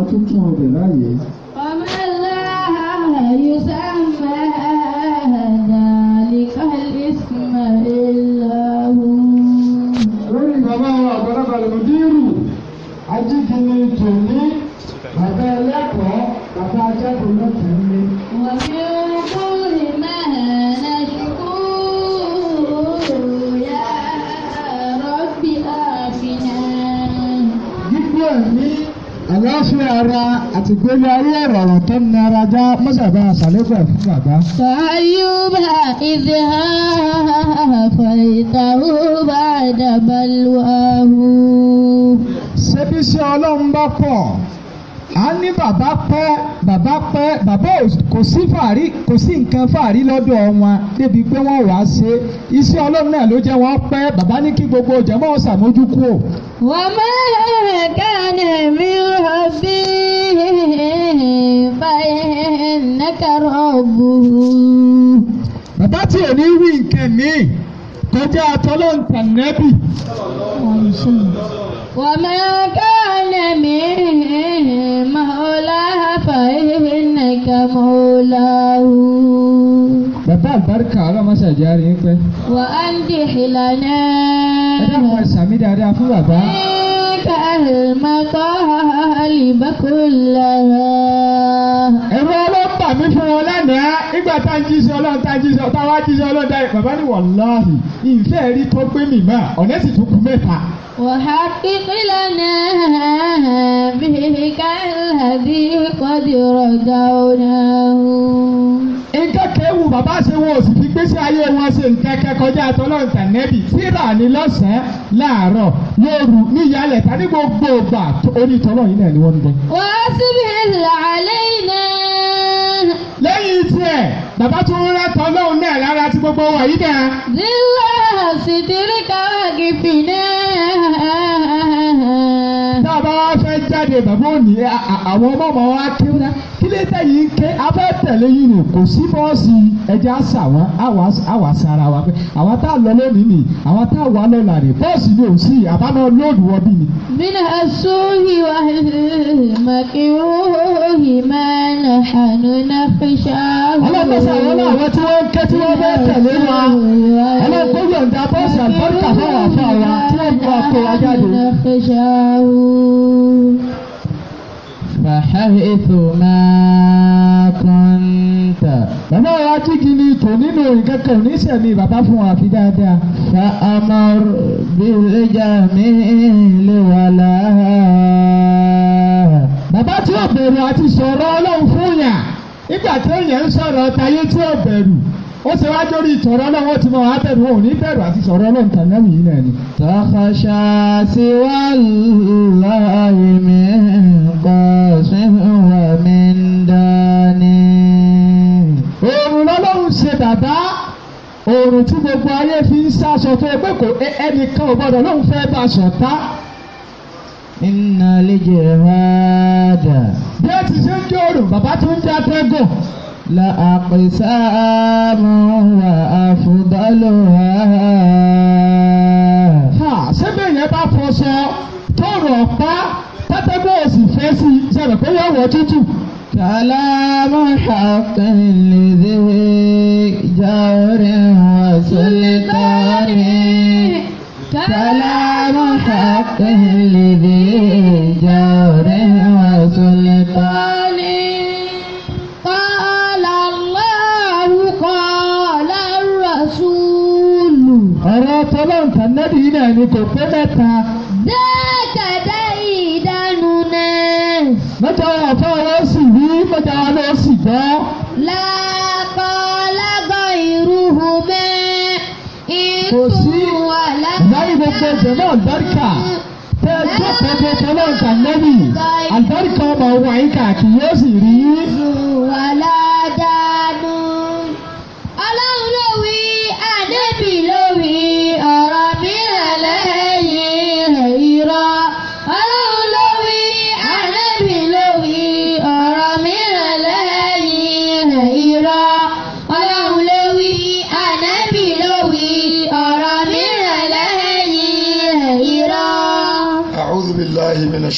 ọtútún ọbẹ̀ báyìí. ọmọlá yusamma dhalika al-isma illa hu. lórí bàbá wa àgbàlagbà lòdìrú ajíkìní tòní bàbá ẹlẹ́kọ̀ọ́ bàbá ajẹ́kọ̀ọ́ lọ́tẹ̀. àlàáfíà ara àti ìgbélé ayé ọ̀rọ̀ ọ̀rọ̀ tó ní ara já mọ́sàbá àṣàlẹ́gbà fún bàbá. fàyúbà ìdè ha fàìdàrú bá dàbàlúwàhù. ṣebí ṣe ọlọ́run bá pọ̀. a ní bàbá pẹ́ bàbá pẹ́ bàbá kò sí fàárí kò sí nǹkan fàárí lọ́dọ̀ wọn débi pé wọ́n wàá ṣe iṣẹ́ ọlọ́run náà ló jẹ́ wọ́n pẹ́ bàbá ní kí gbogbo jẹ́mọ́ ṣàmójú kú o. wọ́n máa kàn mí rọ̀bí báyìí nàkàrọ̀ bù. bàbá tí ò ní wí nǹkan míì kọjá atọ́lọ́ǹtà nẹ́bì. وما كان من مولاه فإنك مولاه bàbá àbáríkà ọlọ́mọṣẹ́ ìjà rí ń pẹ́. wà á ń di ìlànà. ẹ dáhùn ẹ sàmì dáadáa fún bàbá. ẹ̀ka ẹ̀rọ mọ́tò àlìbákò lára. ẹ̀rọ ọlọ́ àmì fún wọn lánàá nígbà tá ń jíṣẹ́ ọlọ́run tá ń jíṣẹ́ ọ̀tá wá jíṣẹ́ ọlọ́run tá yẹn bàbá ní wàláhì ìfẹ́ rí tó gbé mi mọ́ ọ̀nà sì tún kú mẹ́ta. wàhá kíkílẹ̀ náà bí káàdì kọ́dì rọ̀gà ọ̀nà. nǹkan kéwù bàbá ṣe wọn ò sì fi gbèsè ayé wọn ṣe nǹkan kẹkọjá tọ́lọ́run tànẹ́bì síra ní lọ́sàn láàárọ̀ lóru ní ìyálẹ̀ta ní gbogbo ìgbà orí tọ́lọ́run yìí náà ni wọ́n ń bọ̀. wọ́n síbi ìlà àlẹ́ ìnáà Israel bàbá tún ń rẹ́tọ̀ ọlọ́run náà lára tí gbogbo wà yí dà. nílẹ̀ sìtìrì káwáàgì fìdí. tá a bá wá fẹ́ jáde bàbá òní àwọn ọmọ ọmọ wa kí wọn kílé tẹ̀yìn ké abẹ́ tẹ̀lé yìí nì kò sí bọ́ọ̀sì ẹja sà wọ́n àwa sara wa pé àwa tá a lọ lónìí nì àwa tá a wà lọ́la rè bọ́ọ̀sì ni ò sí àbámọ́ lóòdù wọ́n bí mi. mina asuhi wa makiruhi mana hanuna fisha. ọlọ́run sọ àwọn náà tí wọ́n ké tí wọ́n bẹ́ẹ̀ tẹ̀lé wa ọlọ́run kó yọ̀ǹda bọ́ọ̀sì àbọ̀ríkà fáwọn àfáà wa tí wọ́n mú wa kó wa fàhẹ́hẹ́sọ̀mà kọ́ńtà. bàbá wa tí kì í ní tò nínú ìkẹ́kọ̀ọ́ oníṣẹ̀lẹ̀ bàbá fún wa fi dáadáa. fa amọ̀r bíléjà mi lè wà láà. bàbá tí ó bẹ̀rù àti sọ̀rọ̀ ọlọ́run fún ó ṣe wá jórí ìtọ̀rọ̀ náà wọ́n ti mọ wá bẹ̀rù wọn ò ní bẹ̀rù àti sọ̀rọ̀ náà tàn náà yìí náà ni. tọ́kọ̀ṣà sí wà láàyè mi kọ́ sínú wà mí ń dání. òòrùn lọ́lọ́run ṣe bàbá òòrùn tí gbogbo ayé fi ń sáṣọ tó pé kò ẹnìkan ò gbọdọ̀ lóun fẹ́ bá ṣọ̀tá. iná lè rádà. bí ó ti ṣe ń jòrò bàbá tó ń dá tẹ́gùn. لأقسام وأفضلها ha sẹ́bẹ̀ yẹn bá fọṣọ tọrọ pa tẹ́tẹ́gbọ́ òsì fẹ́ sí i sẹ́bẹ̀ pé yóò wọ tútù. كلام حق لذي جور وسلطان كلام حق ẹni tó pé mẹ́ta. dákàdá ìdánù náà. mẹ́ta ọ̀fọ́ ló sì rí mẹ́ta ló sì gbọ́. lákọ̀ lágọ̀ ìrúhu mẹ́. kò sí láyé gbogbo jẹ̀mọ́ àlùbáríkà tẹ ẹjọ́ pẹ̀pẹ̀ tẹ́lẹ̀ ọ̀gá nẹ́bì àlùbáríkà ọmọ ọwọ́ àyíká kì yóò sì rí. wàhálà.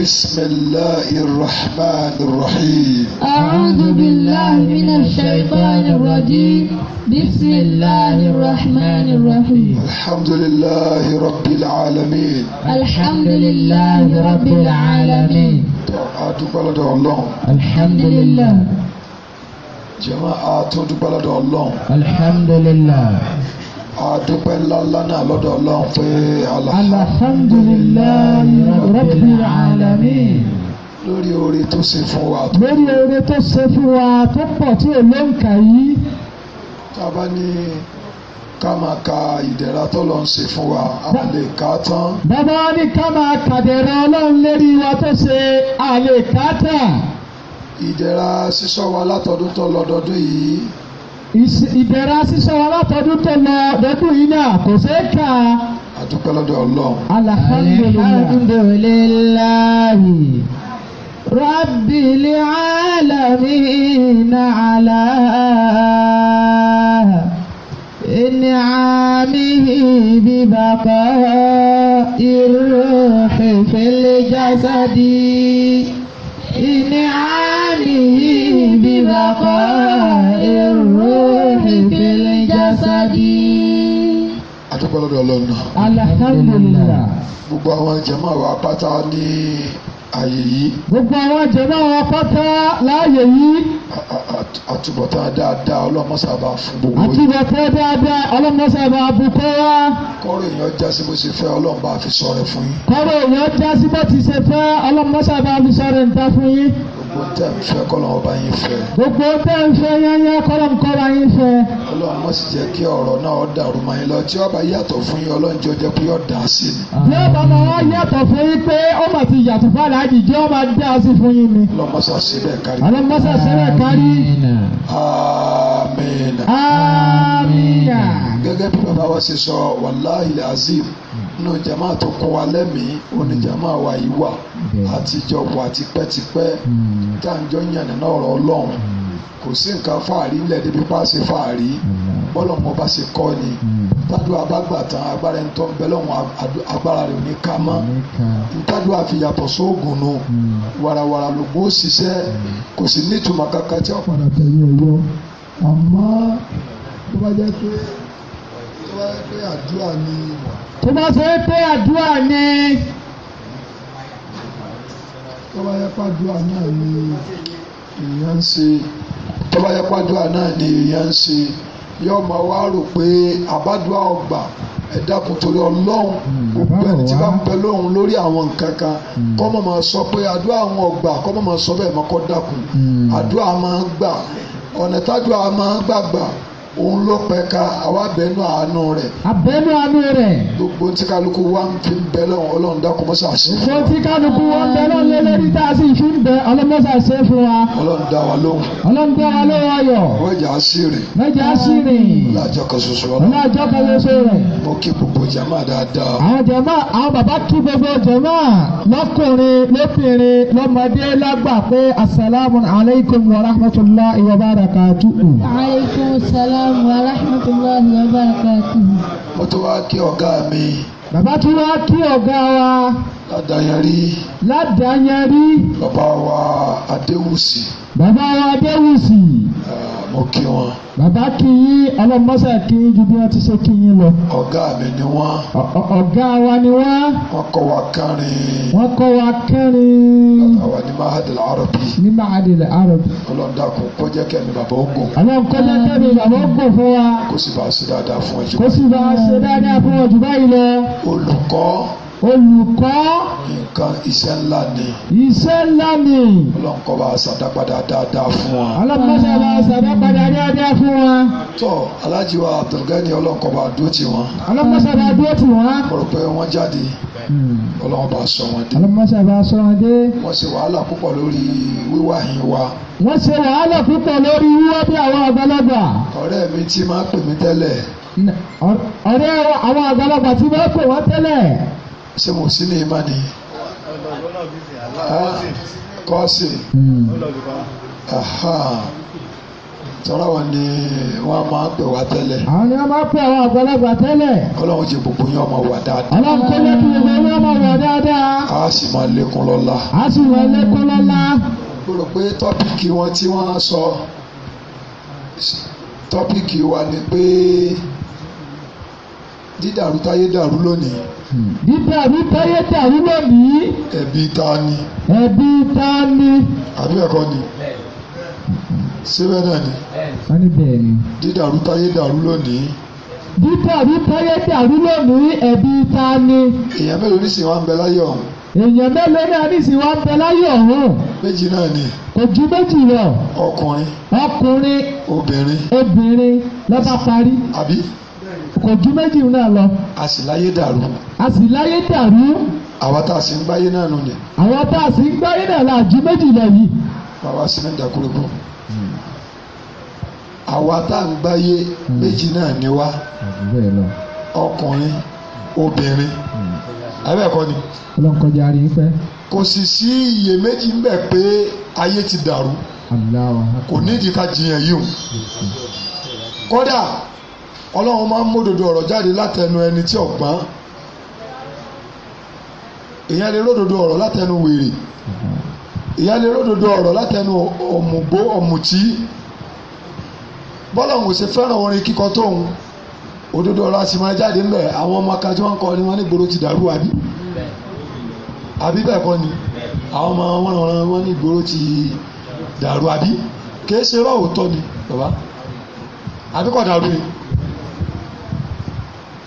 بسم الله الرحمن الرحيم أعوذ بالله من الشيطان الرجيم بسم الله الرحمن الرحيم الحمد لله رب العالمين الحمد لله رب العالمين الحمد لله جماعة تدبلد الله الحمد لله adúpẹ́ ńlá ńlá náà lọ́dọ̀ ọlọ́run pé alhamdulillahi rabbil alamin lórí oore tó ṣe fún wa. lórí oore tó ṣe fún wa tó pọ̀ tí ò ló ń kà yìí. tá ní ká máa ka ìdẹ̀ra t'Ọlọ́run ṣe fún wa a lè kà tán. bàbá ní ká máa kàdẹ̀ra ọlọ́run lérí wa tó ṣe a lè kà á ìdẹ̀ra sísọ wa látọdún tó lọ́dọọdún yìí ìbẹ̀rẹ̀ sísọ alátọ́dún tó lọ dẹ́kun yìí náà kò ṣeé kà á. àdúpẹ́ lọ́dọ̀ ọlọ́run. alhamdulilayi rabbil alamin ala in'amihi bibaqa irruhi fil jasadi in'amihi bibaqa irruhi hadi. Adúpẹ́ lọ́dọ̀ Ọlọ́run náà. Alhamdulillah. Gbogbo àwọn jàmá wa pátá ní ààyè yìí. Gbogbo àwọn jàmá wa pátá láàyè yìí. Àtúbọ̀tá dáadáa ọlọ́mọ́sàbà fún gbogbo yìí. Àtúbọ̀tá dáadáa ọlọ́mọ́sàbà bùkọ́ wa. Kọ́rọ̀ èèyàn já sí bó ṣe fẹ́ Ọlọ́run bá fi sọ̀rọ̀ fún yín. Kọ́rọ̀ èèyàn já sí bó ti ṣe fẹ́ ọlọ́mọ́sàbà fi sọ̀rọ̀ níta fún yín gbogbo tẹ́ ń fẹ́ kọ́ lọ́wọ́ bá yín fẹ́. gbogbo tẹ́ sì jẹ́ kí ọ̀rọ̀ náà ó dàrú mọ́ yín lọ tí ó bá fún yín ọlọ́run jọ jẹ́ pé ó dà sí ni. bí ó bá wá yàtọ̀ fún yín pé ó mà ti yàtọ̀ fáàlà àjì jẹ́ ó dá sí fún yín ni. ọlọ́run má sà kárí. ọlọ́run má sà kárí. àmín. àmín. gẹ́gẹ́ bí bàbá wa ṣe sọ wàláhìlì azim nínú jàmáà tó kún wa lẹ́mìí òní jàmáà wa yìí wà. Mm. àtijọ́ bọ̀ àti pẹ́tipẹ́ mm. tá à ń jọ yàn nínú ọ̀rọ̀ ọlọ́run mm. kò sí nǹkan fàárí ńlẹ̀ débi bá ṣe fàárí bọ́lọ̀ mọ́ bá ṣe kọ́ ni tádùn abágbà tán agbára ẹni tó ń bẹ lọ́wọ́n agbára rẹ̀ ò ní ká mọ́ tádùn àfìyàtọ̀ sóògùn nu wàràwàrà ló gbó ṣiṣẹ́ kò sí nítumọ̀ kankan tí wọ́n padà tẹ̀yìn ọ̀yọ́ àmọ́ tó bá jẹ́ pé tó bá jẹ́ pé àdúrà ni. tó bá jẹ́ pé àdúrà ni tó bá yẹ pàdúrà náà ni èèyàn ń ṣe tó bá yẹ pàdúrà náà ni èèyàn ń ṣe yóò máa wá rò pé àbádùá ọgbà ẹ̀dàkùn torí ọlọ́run gbogbo ẹni tí bá ń bẹ lóhun lórí àwọn nǹkan kan hmm. kọ́ mọ̀ máa sọ pé àdúrà àwọn ọgbà kọ́ mọ̀ máa sọ bẹ́ẹ̀ mọ́kọ́ dàkùn hmm. àdúrà máa ń gbà ọ̀nà tádùá máa ń gbàgbà òun ló pẹ́ ká àwa bẹ́nu àánú rẹ̀. àbẹ́nu àánú rẹ̀. gbogbo tí kálukú wa ń fi bẹ lọ́wọ́ ọlọ́run dákun mọ́sá sí. ṣé tí kálukú wa ń bẹ lọ́wọ́ lélẹ́rí tá a sì fi ń bẹ ọlọ́mọ́sá ṣe fún wa. ọlọ́run dá wa lóhùn. ọlọ́run dá wa lóhùn ayọ̀. mẹ́jà á sí rè. mẹ́jà á sí rè. ọlọ́jọ́ kan ṣoṣo rẹ̀. ọlọ́jọ́ kan ṣoṣo rẹ̀. mo kí gbogbo jama dáadáa. àwọn jama àwọn bàbá salam wa rahmatulahi wa barakatuhu. mo tún wá kí ọ̀gá mi. bàbá tún wá kí ọ̀gá wa. ládàáyẹrí. ládàáyẹrí. bàbá wa adéwùsì bàbá wa Adéwùsì. Ah, mo kí wọn. bàbá kí yín ọlọ́mọ́sà kí yín ju bí wọ́n ti ṣe kí yín lọ. ọ̀gá mi ni wọ́n. ọ̀gá wa ni wọ́n. wọ́n kọ́ wa kẹrin. wọ́n kọ́ wa kẹrin. bàbá wa ní mahadil arabi. ní mahadil arabi. ọlọ́dà kò kọjá kẹ́mi bàbá ogun. ọlọ́run kọjá kẹ́mi bàbá ogun fún wa. kó sì bá ṣe dáadáa fún ọ jù. ṣe dáadáa fún ọ báyìí lọ. olùkọ́ olùkọ́. nǹkan iṣẹ́ ńlá ni. iṣẹ́ ńlá ni. ọlọ́run kọ́ bá sàdápadà dáadáa fún wa. ọlọ́run kọ́ bá sàdápadà dáadáa fún wa. tọ́ alájí wa àtọ̀gẹ́ni ọlọ́run kọ́ bá dúró tì wọ́n. ọlọ́run kọ́ bá dúró tì wọ́n. mo rò pé wọ́n jáde hmm. ọlọ́run bá sọ wọn dé. ọlọ́run bá sọ wọn dé. wọ́n ṣe wàhálà púpọ̀ lórí wíwá yín wa. wọ́n ṣe wàhálà púpọ̀ lórí wíwá bí àwọn àgbàlagbà. ọ̀rẹ́ Se mo sí ní ìmá nìyẹn. Ah, kọ́ọ̀sì tọ́lá wa ni wọ́n máa pè wá tẹ́lẹ̀. àwọn ni wọ́n máa pè àwọn àgbàlagbà tẹ́lẹ̀. ọlọ́run jẹ gbogbo yín ọmọ wa dáadáa. ọlọ́run tó lé gbogbo yín ọmọ wa dáadáa. a sì máa lékún lọ́la. a sì máa lékún lọ́la. mo rò pé tọ́pìkì wọn tí wọ́n á sọ tọ́pìkì wa ni pé dídàrú daru dàrú lónìí. Bíbá wípé yétà nílò bí. Ẹbí ta ni. Ẹbí ta ni. Àbí ẹ̀kọ́ ni. Síbẹ̀ náà ni. Wọ́n ní bẹ́ẹ̀ ni. Dídàrú táyé dàrú lónìí. Bíbá wípé yétà nílò bí ẹbí ta ni. Èèyàn mélòó ní sìn wá ń bẹ láyé ọ̀hún. Èèyàn mélòó náà ní sìn wá ń bẹ láyé ọ̀hún. Méjì náà ni. Kò ju méjì lọ. Ọkùnrin. Ọkùnrin. Obìnrin. Obìnrin ló parí. Àbí kò ju méjì náà lọ. a sì láyé dàrú. a sì láyé dàrú. àwa tá a sì ń gbáyé náà nù àwa tá a sì ń gbáyé náà la ju méjì lọ yìí. bàbá sinmi dàkúrò bò àwa tá à ń gbáyé méjì náà ni wá ọkùnrin obìnrin abẹ́ẹ̀kọ́ ni. ọlọ́nkọjá rí fẹ́. kò sì sí iyèméjì ń pé ayé ti dàrú kò nídìí ká jiyàn yìí o kódà ọlọ́run máa ń módodo ọ̀rọ̀ jáde látẹnu ẹni tí ọ̀gbọ́n ìyẹn lè ródodo ọ̀rọ̀ látẹnu wèrè ìyẹn lè ródodo ọ̀rọ̀ látẹnu ọ̀mùgbó ọ̀mùtí bọ́lọ̀hún ò ṣe fẹ́ràn orin kíkọ tóun òdodo ọ̀rọ̀ àti máa jáde ńbẹ̀ àwọn ọmọ kan tí wọ́n ń kọ ni wọ́n ní ìgboro ti dàrú àbí àbí bẹ́ẹ̀ kọ́ ni àwọn ọmọ wọn ràn wọ́n ní ìgboro ti dàrú àbí kì í ṣe rọ́ọ̀tọ́ ni bàbá àbí kò dàrú ni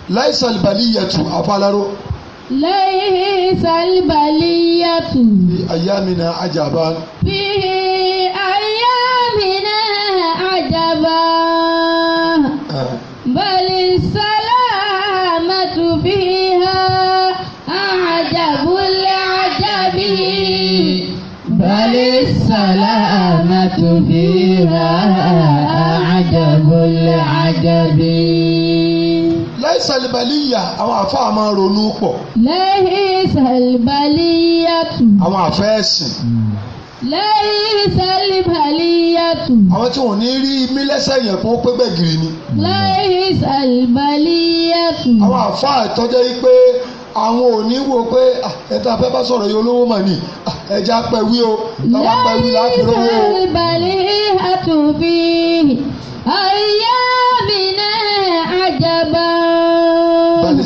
laisa albaliyatu afalaro. laisa albaliyatu. Bi ayamina ajaba. Bi ayamina ajaba. Ah. bali salamatu biha, ajabul ajabi. bali salamatu biha, ajabul ajabi lẹ́yìn sàlìbàlìyà àwọn àfáà máa ronú pọ̀. lẹ́yìn sàlìbàlìyà tù. àwọn àfẹ́ẹ̀sìn. lẹ́yìn sàlìbàlìyà tù. àwọn tí wọ́n ní rí mílẹ́sẹ̀ yẹn fún pé gbẹ̀gìrì ni. lẹ́yìn sàlìbàlìyà tù. àwọn àfáà tọ́jọ́ yìí pé àwọn ò ní wo pé ah, ẹ̀ta fẹ́ bá sọ̀rọ̀ yìí olówó mà ní ah, ẹja pẹ̀wí o táwa pẹ̀wí láti rówó o. lẹ́yìn sàlìbàlì àtúnfì ayé mi náà àjàbá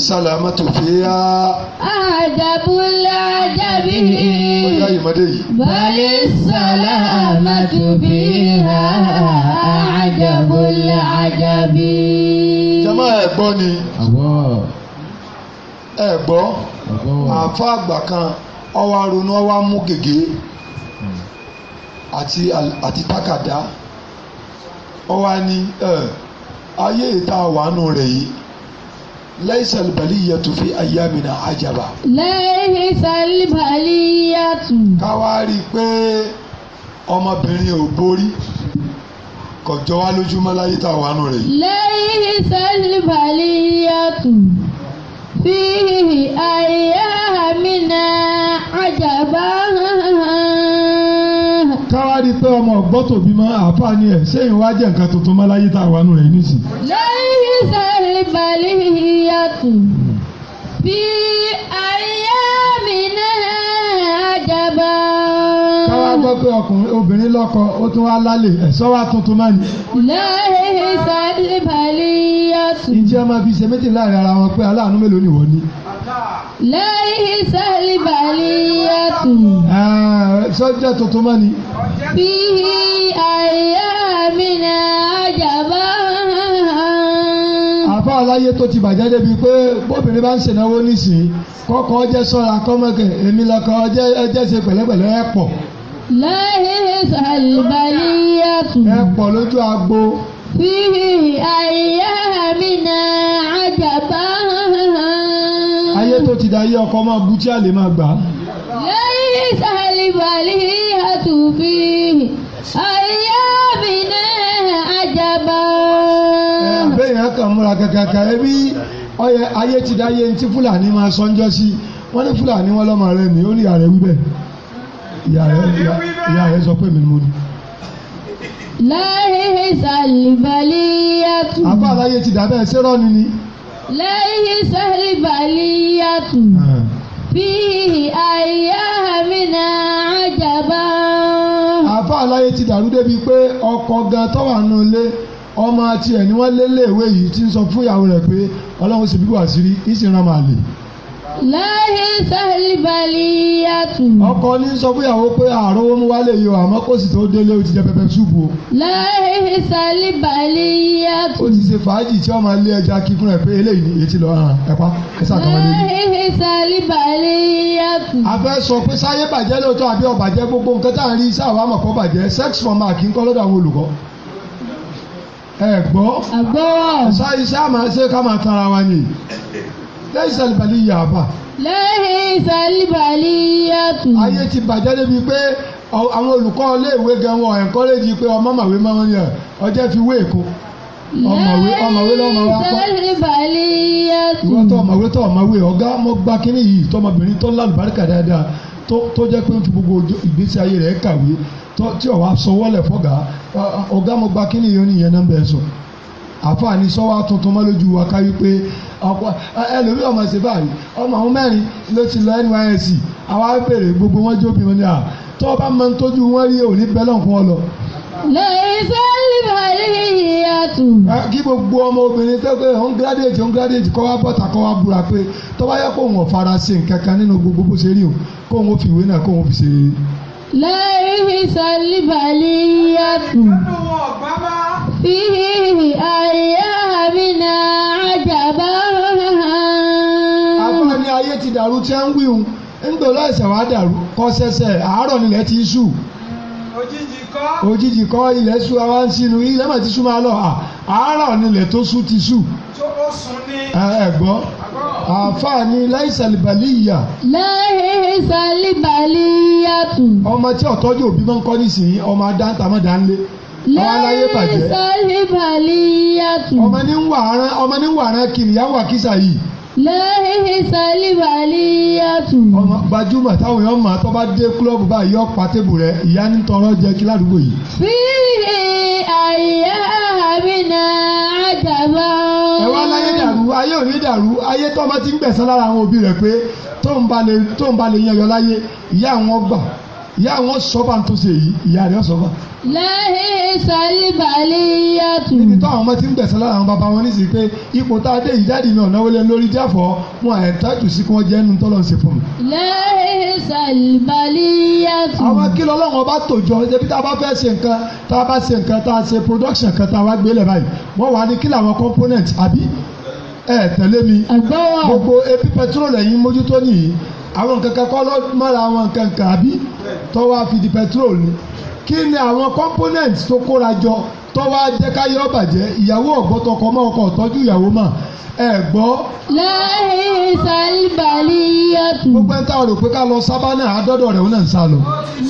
salamatu fiya. àdàbúlà dàbí. ọjà ìmọ̀dé yìí. bali salamatu fiya àdàbúlà àjàbí. jama ẹ gbọ́ ni. ẹ gbọ́ àfa àgbà kan ọwọ́ aronú ọwọ́ amú gègé àti àti tákàdá ọwọ́ ni ayé ìta wàánu rẹ̀ yìí. ليس البلية في أيامنا عجبا. ليس البلية. káwárí pé ọmọbìnrin ò borí kò jọ wá lójúmọ́ láyé tá a wà nù rẹ̀. ليس البلية في أيامنا عجبا rí i pé ọmọ ọ̀gbọ́n tòbí mọ́ àáfàá ni ẹ̀ ṣé ìwà jẹ́ nǹkan tuntun mọ́ láyé tá a wà nù rẹ̀ nísìn. lẹ́yìn sẹ́yìn balẹ̀ yàtọ̀ bí ayé gbọ́ pé ọkùnrin obìnrin lọ́kọ ó tún wá lálẹ́ ẹ̀sọ́ wa tuntun náà ni. lẹ́yìn ìsàlẹ̀ ìbàlẹ̀ yàtọ̀. ǹjẹ́ máa fi ṣe méjì láàrin ara wọn pé aláàánú mélòó ni wọ́n ní. lẹ́yìn ìsàlẹ̀ ìbàlẹ̀ yàtọ̀. sọ́jà tuntun náà ni. bí àyà mi náà jàbá àfa aláyé tó ti bàjẹ́ débi pé bóbìnrin bá ń ṣènáwó nísìnyí kọ́kọ́ jẹ́ sọ́ra kọ́mọ́kẹ́ èmi lọ́kọ́ jẹ́ ṣe pẹ̀lẹ́pẹ̀lẹ́ pọ̀ láìsí àlùbáníyàtù. ẹ pọ̀ lójú agbo. fífi àyà mi àjàbá. ayé tó ti dá yé ọkọ máa bu tí máa gbà. láìsí àlùbáníyàtù fi àyà mi na àjàbá. ẹ bẹ́ẹ̀ yẹn kàn múra kàkàkà ẹbí ayé ti dá yé ntí fúlàní máa sọ́njọ́ sí wọ́n ní fúlàní wọn lọ́mọ rẹ ní ó ní ààrẹ wíbẹ̀ ìyá rẹ sọ pé mi ni mo ní. lẹ́yìn sàlìbàlì yàtù. àbá àlàyé ti dàbẹ́ sẹ́rọ̀ ni ni. lẹ́yìn sàlìbàlì yàtù. fíhì àyà mi náà àjàbá. àbá àlàyé ti dàrú débi pé ọkọ̀ gan tọ́wà nù lé ọmọ tiẹ̀ ni wọ́n lé léèwé yìí ti ń sọ fún ìyàwó rẹ̀ pé ọlọ́run sì bí wàásù rí ìsìn rán màlè láyé sẹ́ẹ̀lì balíyàtù. ọkọ ní sọ fún ìyàwó pé àárọ̀ wọn wálé yìí o àmọ́ kò sì tó délé o ti jẹ pẹpẹ súùpù o. láyé sẹ́ẹ̀lì balíyàtù. ó ti ṣe fàájì tí wọ́n máa lé ẹja kí fún ẹ pé eléyìí ni etí lọ hàn ẹ pa ẹ sá kan wọlé. láyé sẹ́ẹ̀lì balíyàtù. a fẹ́ sọ pé sáyé bàjẹ́ lóòótọ́ àbí ọ̀bàjẹ́ gbogbo nǹkan tá à ń rí sáwà mọ̀ kọ́ bàjẹ́ sex ẹ gbọ́. ṣáà iṣẹ́ àmọ́ ṣé ká máa tara wa ni lẹ́yìn àlùbálí yà á bà. lẹ́yìn àlùbálí yà tù. ayé ti bàjẹ́ débi pé àwọn olùkọ́ iléèwé gan wọn ẹ̀ńkọ́lẹ́jì pé ọmọ màwé máa ń yàn ọjọ́ fi wé èkó ọmọwé ọmọwé lọmọ wa kọ ìwọ tó ọmọwé tó ọmọwé ọgá mo gba kínní yìí tọmọbìnrin tó lálùbáríkà dáadáa tó jẹ́ pé ń fi gbogbo ìgbésí ayé rẹ̀ kàwé tí ọwọ asọwọlẹ fọgà ọgá mo gba kínní yìí ó àfààní sọ́wọ́ tuntun mọ́ lójú wa ká wípé ọ̀pọ̀ ẹlòmíì ọmọ ṣèbáàrí ọmọ àwọn mẹ́rin ló ti lọ NYSC àwa béèrè gbogbo wọn jóbi wọn ni à tó o bá mọ ń tójú wọn rí òní bẹ́lọ̀ fún ọ lọ. lẹ́yìnfẹ́ ìbàlẹ̀ ìyàtù. kí gbogbo ọmọ obìnrin tó pé òun gírádìètì òun gírádìètì kọ́ wá bọ́ta kọ́ wá búra pé tó bá yẹ kó òun ọ̀fara ṣe nǹkan nínú gbogbo bó فيه أيامنا عجبا. àbúrò ní ayé ti dàrú tí ń wíwù ńgbòlá ẹ̀sẹ̀ wá kọ́ sẹ́sẹ̀ àárọ̀ nílẹ̀ ti ṣú. òjijì kọ́. òjijì kọ́ ilẹ̀ ṣú wa ń sinú ilẹ̀ mà ti ṣú máa lọ àárọ̀ nílẹ̀ tó ṣú ti sù. tó ní. àfààní láìsàlìbàlìyà. láìsàlìbàlìyà tù. ọmọ tí ọ̀tọ́jú òbí máa ń kọ́ nísìnyí ọmọ adáńtà máa dá ń lé. ọláyé bàjẹ́. lẹ́yìn sọ́hìbàlì yàtù. ọmọ ní wàrán ọmọ ní wàrán kìnìyàwó àkísà yìí. lẹ́yìn sọ́hìbàlì yàtù. ọmọ gbajúmọ̀ táwọn èèyàn máa tọ́ bá dé kúlọ́ọ̀bù báyìí yọ pa tébù rẹ̀ ìyá ní tọrọ jẹ kí ládùúgbò yìí. fi àyà mi na àjàbá. ẹ wá láyé dàrú ayé ò ní dàrú ayé tó ọmọ ti ń gbẹ̀sán lára àwọn òbí rẹ̀ pé tó ń balẹ̀ tó ń balẹ̀ lẹ́yìn sàlìbàlì yàtù. níbi tó àwọn ọmọ ti ń gbẹ̀sán lára àwọn bàbá wọn nísìsiyìí pé ipò tá a dé ìjáde mi ọ̀nà wọlé lórí jáfọ́ wọn àyẹ̀ tájù sí kí wọ́n jẹ́ ẹnu tọ́lọ̀ ń ṣe fún mi. lẹ́yìn sàlìbàlì yàtù. àwọn kìlọ̀ ọlọ́run ọba tòjọ ẹbí tá a bá fẹ́ ṣe nǹkan tá a bá ṣe nǹkan tá a ṣe production kan tá a wá gbélé báyìí wọ́n wà ní kí làwọn component àbí ẹ tẹ̀lé mi gbogbo epi petrol ẹ̀yin mójútó nìyí àwọn kankan kọ́ ló mọ́ra àwọn kankan àbí tọ́wọ́ àfi di petrol ni kí ni àwọn components tó kóra jọ tọ́wọ́ ajẹ́ káyé ọ̀bàjẹ́ ìyàwó ọ̀gbọ́tọkọ mọ́ ọkọ ọ̀tọ́jú ìyàwó mà ẹ gbọ́. lẹ́yìn sálíbàlì yẹtù. gbogbo ẹ̀ ta ọ̀rọ̀ pé ká lọ sábánà àádọ́dọ̀ rẹ̀ ó náà ń sá lọ.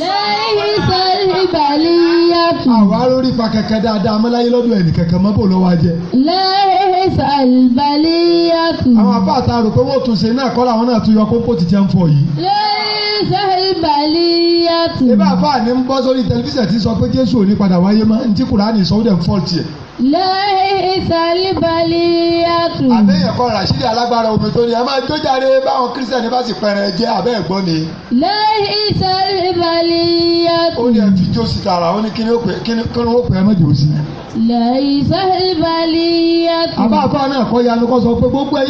lẹ́yìn sálíbàlì yẹtù. àwa lórí pa kẹ̀kẹ́ dáadáa mọ́láyé lọ́dún ẹ̀ ní kẹ̀kẹ́ mọ́ lọ́wọ́ ajẹ́. lẹ́yìn sálíbàlì yẹtù. àwọn àbá àta rò pé wọ́n tún ṣe náà kọ́ làwọn náà tún yọ kókó ti sọ ó dẹ̀ ń fọ́ọ̀tì ẹ̀. lẹ́ẹ̀sálíbalì àtù. àbẹ́yẹn kọ́ rasidi alágbára omi tó ní ẹ máa jó jáde báwọn kírísítẹ̀nì bá sì pẹrẹ jẹ́ abẹ́ ẹ̀gbọ́n ni. lẹ́ẹ̀sálíbalì àtù. ó ní ẹ fi jó síta ara ó ní kíni ó pè kíni ó pè ẹ mẹ́jọ sí. lẹ́ẹ̀sálíbalì àtù. àbá àbá náà kọ́ yanu kọ́ sọ pé gbogbo ẹ̀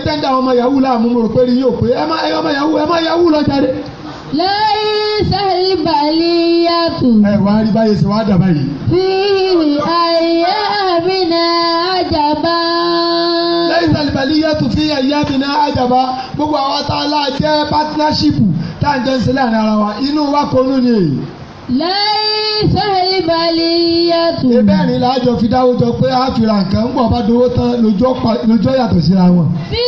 lẹ́yìn sẹ́líbàlì yàtọ̀. ẹ wá rí báyìí ṣe wá dàbá yìí. fi àyè àmìnà àjàbá. lẹ́yìn sẹ́líbàlì fi àyè àmìnà àjàbá gbogbo àwọn tá a lá jẹ́ pátínáṣípù tá à ń jẹ́ sílẹ̀ àná ara wa inú wa kọ́nú ni. lẹ́yìn sẹ́líbàlì yàtọ̀. ìbẹ́ ni làájọ fi dáwọ́ jọ pé a fìrà nǹkan ń bọ̀ bá dowó tán lójó yàtọ̀ síra wọn. fi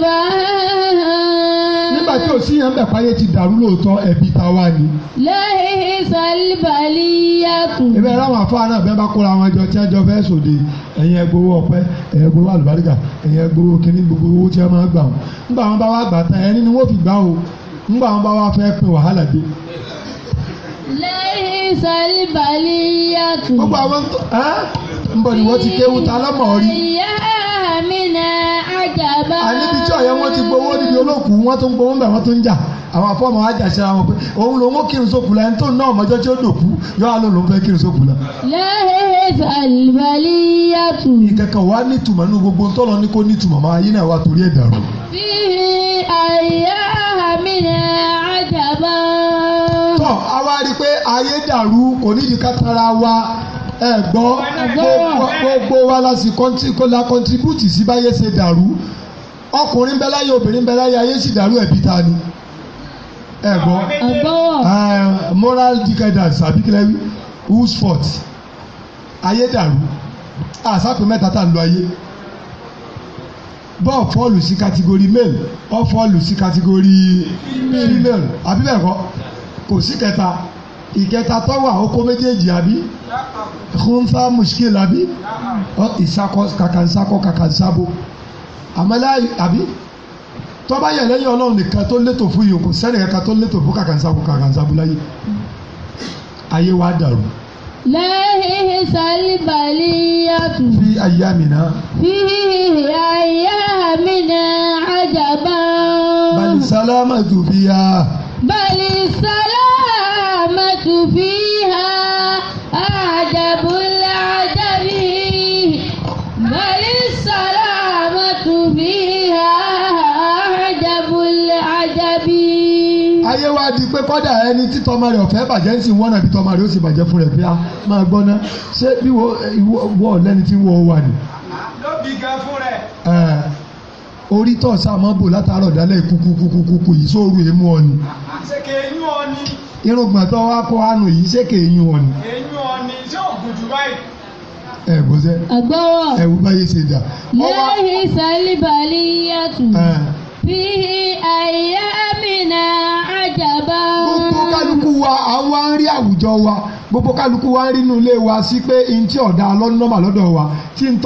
bàbá. nígbà tí òsì yẹn ń bẹ̀ fáyé ti dàrú lóòótọ́ ẹbí ta wá ni. lẹ́yìn sálíbàlì yàtù. ibẹ̀ láwọn náà bẹ́ẹ̀ bá kóra wọn jọ tí wọ́n jọ fẹ́ sòde ẹ̀yin ẹgbowó ọ̀pẹ ẹ̀yin ẹgbowó àlùbáríkà ẹ̀yin kínní gbogbo owó tí wọ́n máa gbà wọn. nígbà wọn bá wá gbà tán ẹni ni fi gbà o nígbà wọn bá wá fẹ́ pin wàhálà dé. lẹ́yìn mina àjàbá. àníbi tí ọ̀yọ́ wọn ti gbowó níbi olókùú wọn tó ń gbowó mbẹ́ wọn tó ń jà àwọn afọ́mọ ajáṣe ara pé òun lòun ó kírun sókù la ẹni tó ná ọmọjọ́ tí ó dòkú yọ á lò lòun fẹ́ kírun sókù la. lẹ́hìn fàlìbàlì yàtù. ìkẹ̀kẹ̀ wa nítumọ̀ nínú gbogbo tọ́lọ ní kó nítumọ̀ máa yín náà wà torí ẹ̀ dàrú. bí àyà àmìnà àjàbá. tọ́ a wá rí i pé ayé dàrú kò ká tara wa ẹ gbọ́ gbogbo wa la sì la kọntribútì sí báyé ṣe dàrú ọkùnrin bẹ́ẹ̀ láyé obìnrin bẹ́ẹ̀ láyé ayé sì dàrú ẹ̀bí ta ni ẹ gbọ́ moral decadence àbí kílẹ̀ wí whose fault ayé dàrú àṣàpè mẹ́ta tá à ń lo ayé bọ́ọ̀ fọ́ọ̀lù sí kátígórì male ọ fọ́ọ̀lù sí kátígórì female àbí bẹ́ẹ̀ kọ́ kò sí kẹta ìkẹta tọ́wà oko méjèèjì àbí kúnfà muskil àbí ìsakọ kàkànsákọ kàkànsábo àmàlà àbí tọ́ba yẹ lẹ́yìn ọlọ́run nìkan tó létò fún yòókù sẹ́ni kankan tó létò fún kàkànsábo kàkànsábo láyé ayé wa dàrú. lẹ́hìnhìn sálíbàlì yàtù. fi àyà mi fi àyà mi náà àjàbá. bali sálámà tù fi sálámà. فيها أعجب العجب بل السلامة فيها أعجب العجب. ayé wa di pé kọ́dà ẹni tí tọmọ rẹ̀ ọ̀fẹ́ bàjẹ́ ń sìn wọ́n náà bí tọmọ rẹ̀ ó sì bàjẹ́ fún rẹ̀ bíá ah, máa gbọ́ ná ṣé bí wọ́n lẹ́ni tí wọ́n wà ní. ló bí gan fún rẹ̀. orí tọ̀ sáà máa bò látàárọ̀ dálẹ̀ kúkúkúkú yìí sóoru èémú ọ ni. àṣekè inú ọ ni. irúgbọ̀n tó wá kó hánú yìí ṣé kì í yún ọ ni. èyún ọ ni ṣé òògùn jù báyìí. ẹ bó ṣe. àgbọ̀wọ̀ ẹ wú báyìí ṣe lẹ́yìn yàtù. bí mi náà gbogbo kálukú wa àwa ń rí àwùjọ wa gbogbo kálukú wa ń rí inú ilé wa sí pé n tí ọ̀dà lọ́nọ́mà lọ́dọ̀ wa tí n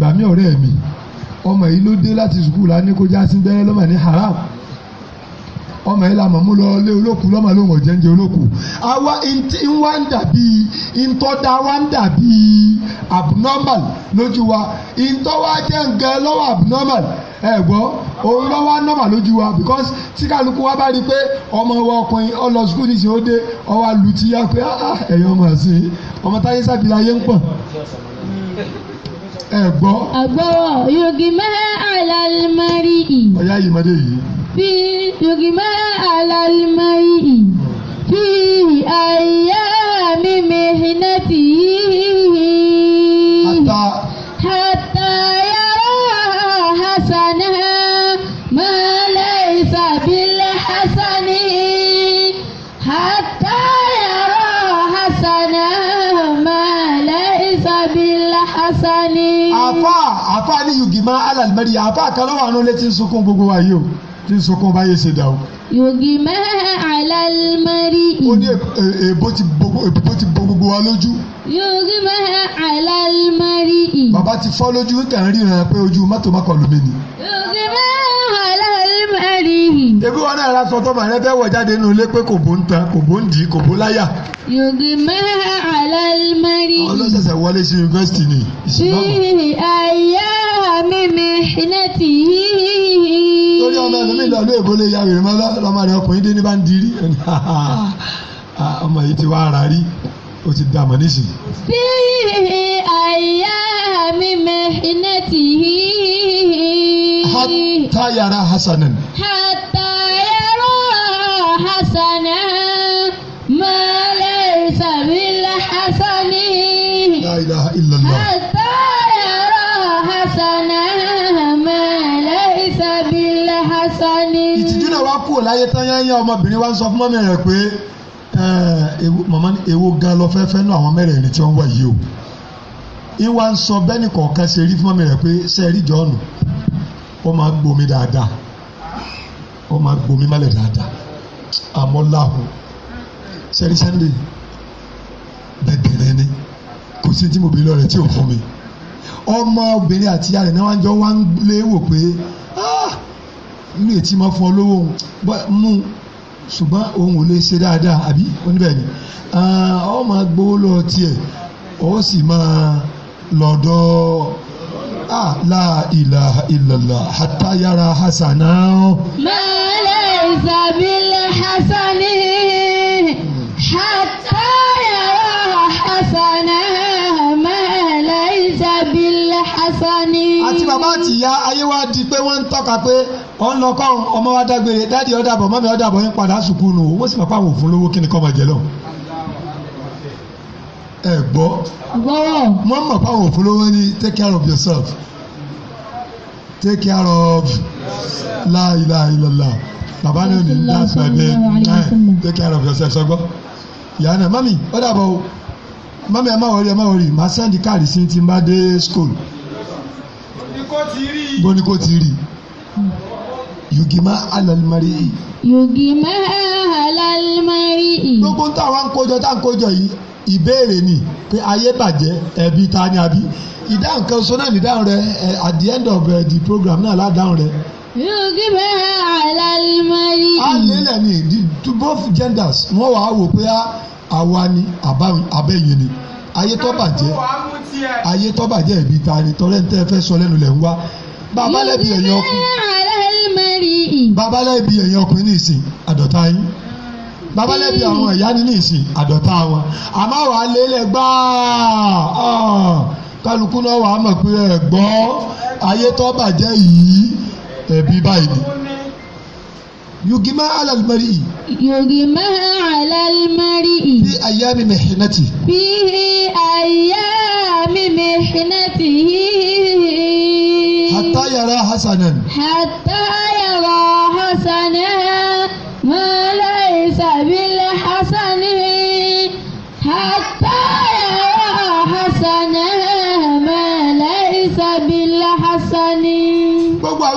bàmí ọ̀rẹ́ mi ọmọ yìí ló dé láti sùkúù la ní kó já sí bẹ́rẹ́ lọ́mọ ní haram ọmọ yìí la mọ̀ mú lọ lé olókù lọ́mọ ló ń wọ̀ jẹ́njẹ́ olókù àwa ń wá ń dàbí ntọ́da wá ń dàbí abnormal lójú wa ntọ́wá jẹ́ nǹkan lọ́wọ́ abnormal ẹ gbọ́ òun lọ́wọ́ normal lójú wa because tí kálukú wa bá rí i pé ọmọ wa ọkùnrin ọlọ sukúù ní ìṣe ó dé ọwọ́ àlùtí yá pé ah, ah, ẹ̀yọ́ ọmọ àṣẹ ọmọ táyé sábìlà yé ń pọ̀ ẹ̀gbọ́. àgbọ̀wọ̀ yogi mẹ́hẹ́ alalimari i. ọ̀yá yìí mọ́dé yìí. fi yogi mẹ́hẹ́ alalimari i. fi àyè. àfa àfa ní yugi máa alàlùmẹ́rì àfa kan ló wà tí ń sunkún gbogbo wa yìí o tí ń sunkún báyé ṣe dà o. yugi máa alàlùmẹ́rì. ó ní èbó ti bo gbogbo wa lójú. yugi máa alàlùmẹ́rì. bàbá ti fọ́ lójú kàn ríran pé ojú mọ́tò mọ́kànlú mi ni. yugi máa. Hmm. ebi wọn náà sọ tọmọ rẹ fẹ́ wọ jáde nínú ilé pé kò bó ń tan kò bó ń dì kò bó láyà. yògì máa àlàlmárì. ọlọ́sẹ̀sẹ̀ wọlé sí yunifásitì ni. fi àyà mi mi iná tì í. lórí ọmọ ẹ̀mí mi lọ lóye lè ya rèé mọ́ lọ́mọ rẹ ọkùnrin dé ní bá ń dirí ah, ọmọ yìí ti wá ara rí o ti dààmú nísìnyí. fi àyà mi mi iná tì í. حتى يرى حسنا حتى يرى حسنا ما ليس بالحسن لا إله إلا الله حتى يرى حسنا ما ليس بالحسن ìtìjú náà wá kúrò láyé tán yányá ọmọbìnrin wa ń sọ fún mọ́mí rẹ̀ pé màmá ewo gan lọ fẹ́ fẹ́ nú àwọn mẹ́rẹ̀ẹ̀rin tí wọ́n wà yìí o ìwà ń sọ bẹ́ẹ̀ ni kọ̀ọ̀kan ṣe rí fún mọ́mí rẹ̀ pé ṣe é rí jọ́ọ̀nù ó máa gbomi dáadáa ó máa gbomi mọ́lẹ̀ dáadáa àmọ́ láhùn sẹ́ni sẹ́ni bẹ̀bẹ̀rẹ̀ ni kò sí tí mo bí lọ́rẹ̀ tí ò fún mi ọmọ obìnrin àti ìyá rẹ̀ náà wájọ wá ń lé wò pé ah, mi ò tí ma fún ọ lówó mú ṣùgbọ́n òun ò lè ṣe dáadáa ọ ah, máa gbowó lọ tiẹ̀ ọ sì máa lọ́dọ̀ọ́. a ah, la ilaha illallah hatta yara hasana. mẹ́lẹ̀ ìsàbílẹ̀ hasani hatta yara hasana mẹ́lẹ̀ ìsàbílẹ̀ hasani. àti bàbá àti ìyá ayé wa di pé wọ́n ń tọ́ka pé ọ̀n lọ kọ́ ọmọ wa dágbére dáàdi ọ̀dàbọ̀ mọ́mi ọ̀dàbọ̀ yín padà sùkúrù wọ́n sì máa pa àwọn lówó kí ni kọ́ máa jẹ lọ ẹ gbọ́ wọ́n mọ̀ fáwọn òfurufú ní take care of yourself take care of láìláìlọ́lá bàbá náà ní dá sọ̀dẹ̀ ẹ take care of yourself sọ́gbọ́ ìyá náà mami ó dàbọ̀ o mami ẹ má wọrí ẹ má wọrí màá sẹ́ndì káàdì sí ti bá dé school bóni kò ti rí yugima alalimari. yugima alalimari. gbogbo ń tà wá ń kójọ tá à ń kójọ yìí ìbéèrè ni pé ayé bàjẹ́ ẹ̀bi ta ni àbí ìdáhùn kan sọ náà nídáhùn rẹ eh, at the end of uh, the program náà ládàhùn rẹ. yóò kí bẹ́ẹ̀ àlàlímọ́lì. a lè lẹ́ni the both genders wọ́n wàá wò pé àwa ni àbẹ̀yìn ni ayé tó bàjẹ́ ayé tó bàjẹ́ ẹ̀bi ta ni tọ́lẹ́ntẹ́ fẹ́ sọ lẹ́nu lẹ́ ń wá bàbá lẹ́bi ẹ̀yàn ọkùnrin bàbá lẹ́bi ẹ̀yàn ọkùnrin nìsín àdọ̀tá yín babalẹ́bi àwọn ìyá nínú ìsìn àdọ̀tá wọn àmọ́ wàá lélẹ̀ gbáà ah, kálukú náà wàá mọ̀ pé ẹ̀ ayé tó bàjẹ́ yìí ẹ̀bí báyìí ni. yugima alalmari. yugima alalmari. fi ayami mihinati. fi ayami mihinati. hatta yara hasanan. hatta yara hasanan.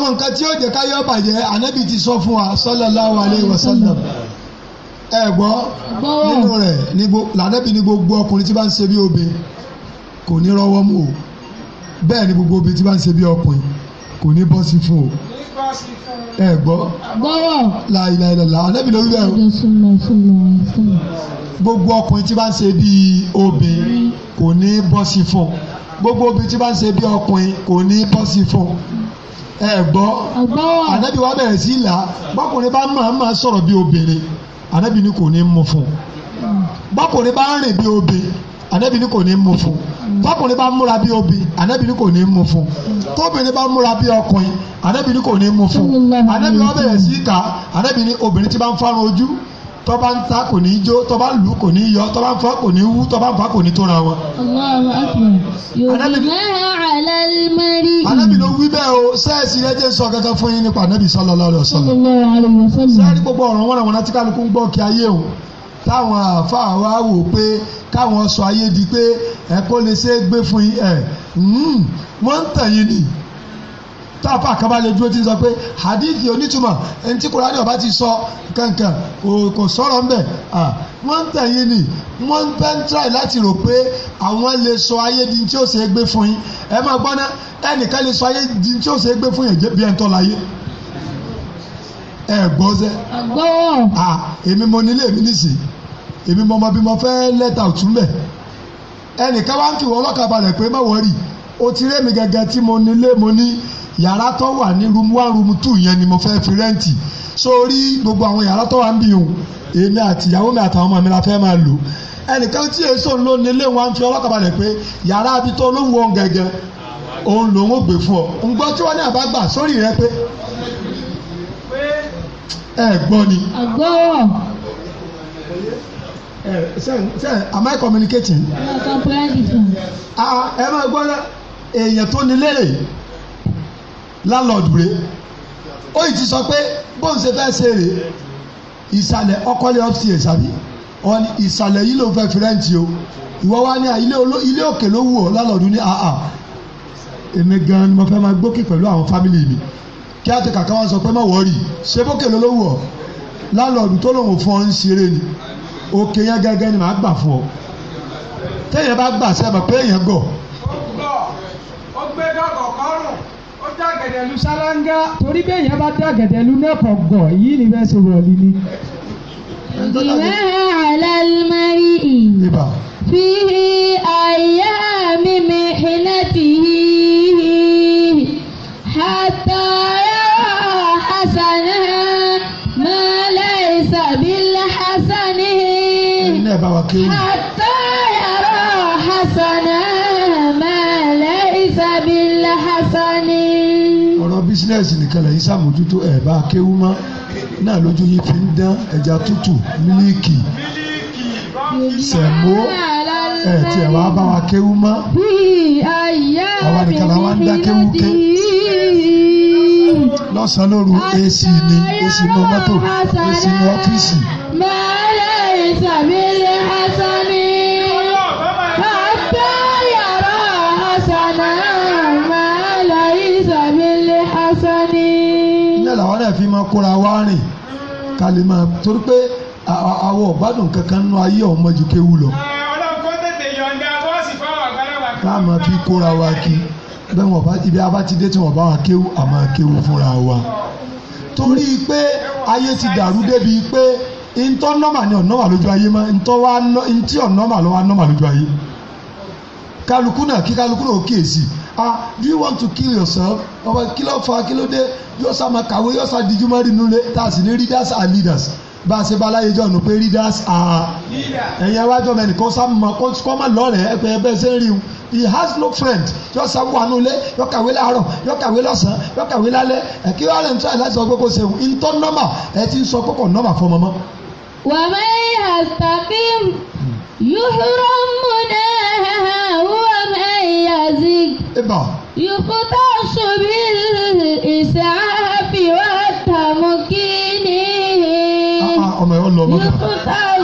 àwọn nǹkan tí ó jẹ́ káyọ̀ bàjẹ́ ànábì ti sọ fún wa sallallahu alaihi wasallam ẹ gbọ́ nínú rẹ̀ lànàbì ní gbogbo ọkùnrin tí bá ń ṣe bí obe kò ní rọ́wọ́ mú o bẹ́ẹ̀ ni gbogbo obe tí bá ń ṣe bí ọkùnrin kò ní bọ́ sí fún o ẹ gbọ́ láìláìlá ànábì ló rí bẹ́ẹ̀ o gbogbo ọkùnrin tí bá ń ṣe bí obe kò ní bọ́ sí fún o gbogbo obe tí bá ń ṣe bí ọkùnrin kò ní bọ́ sí fún o ẹ gbọ́ ànábì wa bẹ̀rẹ̀ sí là bákùnrin bá máa máa sọ̀rọ̀ bí obìnrin ànábì ni kò ní mú fún bákùnrin bá rìn bí obìnrin ànábì ni kò ní mú fún bákùnrin bá múra bí obìnrin ànábì ni kò ní mú fún tóbìnrin bá múra bí ọkùnrin ànábì ni kò ní mú fún ànábì wa bẹ̀rẹ̀ sí kà ànábì ni obìnrin ti bá ń fárun ojú tó ń ta kò ní í jó tó bá lù kò ní í yọ tó ń fọ́ kò ní í wú tó ń fọ́ kò ní í tóra wọn. Allahu akbar. yorùbá ala mari. anabi ló wí bẹ́ẹ̀ o sẹ́ẹ̀sì rẹ jẹ́ sọ kankan fún yín nípa anabi sallallahu alaihi wasallam. sẹ́ẹ̀rì gbogbo ọ̀ràn wọn àwọn àti kálukú ń gbọ́ kí ayé o táwọn àáfàá wa wò pé káwọn sọ ayé di pé ẹ̀kọ́ lè ṣe é gbé fún yín ẹ̀ hmm, wọ́n ń tàn yín nìyí táàpù àkàbà lè dúró tí sọ pé hadithi onítùmọ̀ ẹni tí kúránì ọba ti sọ kankan kò sọ̀rọ̀ ń bẹ̀ wọ́n ń tẹ̀yìn ni wọ́n ń bẹ́ ń tíráì láti rò pé àwọn lè sọ ayé di tí ó ṣe é gbé fún yín ẹ máa gbọ́ ná ẹnìkan lè sọ ayé di tí ó ṣe é gbé fún yín bí ẹ̀ ń tọ́ láyé ẹ gbọ́ sẹ́. èmi mo nílé mi nísìnyí èmi mo mọ bí mo fẹ́ lẹ́tà ọ̀tún bẹ̀ ẹnìkan wá ń kí wọ́n ọlọ́kà balẹ̀ pé má wọ́rì o ti rémi gẹ́gẹ́ tí mo nílé mo ní yàrá tó wà ní room one room two yẹn ni mo fẹ́ fi rẹ́ǹtì sórí gbogbo àwọn yàrá tó wà ń bì hùn èmi àti ìyàwó mi àtàwọn ọmọ mi la fẹ́ máa lò ẹnìkan tí èso ń lò nílé wa ń fi ọlọ́kàbalẹ̀ pé yàrá abi tó ló ń wọ gẹ́gẹ́ òun lòun ò gbé fún ọ ǹgbọ́ tí wọ́n ní àbágbà sórí rẹ pé ẹ gbọ́ ni. àgbọ̀ am I communicating? Ah, ẹ máa gbọ́ èèyàn tó nílé rẹ̀ landlord rè ó yìí ti sọ pé bóun ṣe fẹ́ ṣe rè ìsàlẹ̀ ọkọlẹ̀ upstairs àbí wọn ni ìsàlẹ̀ yìí ló fẹ́ fi rẹ́ǹtì o ìwọ wa ní ilé òkè ló wù ọ́ landlord ní àhà èmi gan ni mo fẹ́ máa gbókè pẹ̀lú àwọn fámìlì mi kí á ti kàkà wọn sọ pé má wọ́ọ̀rì ṣé bókè ló ló wù ọ́ landlord tó lòun fún ọ ń ṣeré ni òkè yẹn gẹ́gẹ́ ni màá gbà fún ọ téèyàn bá gbà sẹ́ẹ̀ mọ̀ pé èèyàn gọ̀ já gẹ̀dẹ̀lú ṣáláńgá. torí bẹ́ẹ̀ yẹn bá dá gẹ̀dẹ̀lú náà kọ̀ gọ̀ yìí ni bẹ́ẹ̀ ṣe wọ̀lì ni. ìmọ̀ àlàlùmárì fi àyà mímí hinati hàtà hasana mọ́lẹ́ ìsàbílẹ̀ hasani. ẹ̀ ní ẹ̀ bá wa kéwì. bísínẹ́sì nìkan lẹ́yìn sàmójútó ẹ̀ bá kéwú mọ́ náà lójú yín fi ń dán ẹja tútù mílíìkì sẹ̀mó ẹ̀ tiẹ̀ wá bá wa kéwú mọ́ àwa nìkan la wá ń dá kéwú ké lọ́sàn-án lóru èsì ni èsì inú mọ́tò èsì inú ọ́fíìsì. máa kóra wá rìn ká lè máa torí pé àwọ̀ ọ̀gbádùn kankan nínú ayé ọ̀hún mọ́jú kéwù lọ. ọlọ́kọ́ tètè yọ̀ǹda bọ́ọ̀sì fáwọn àgbàlagbà kan. ká máa fi kóra wa kí bẹ́ẹ̀ wọ́n bá ibi abátidé tí wọ́n bá wa kéwù a kéwù fúnra wa. torí pé ayé ti dàrú débi pé ntọ́ nọ́mà ni ọ̀nọ́mà lójú ayé mọ́ ntọ́ wa ntí ọ̀nọ́mà lọ́wọ́ nọ́mà lójú ayé kálukú náà kí kálukú náà kíyèsí ah do you want to kill yourself ọmọ kilo ló fa kí ló dé yóò sá máa kàwé yóò sá díjú mọ́ rìnnú leaders. tá a sì ní readers are leaders bá a ṣe bá aláyé jọ̀nù pé readers are ẹ̀yin wájú ọmọ ẹnìkan sá mọ́ kọ́ mọ́ lọ́rẹ̀ẹ́ ẹ pé ẹ bẹ́ẹ̀ ṣe ń rí un he has no friend yóò sá wà nù lé yóò kàwé láàárọ̀ yóò kàwé lọ́sàn-án yóò kàwé lálẹ́ ẹ̀ kí wàá rẹ̀ ń tọ́ ẹ̀ láti sọ pé kò ṣe ìtọ́ nọ́mà ẹ̀ ti ń sọ pé kò nọ́mà fún ọmọ mọ́. wàá mẹ́rin àtàkì يحرم مناها ومن يزك يقطع بالإسعاف والتمكين يقطع بالإسعاف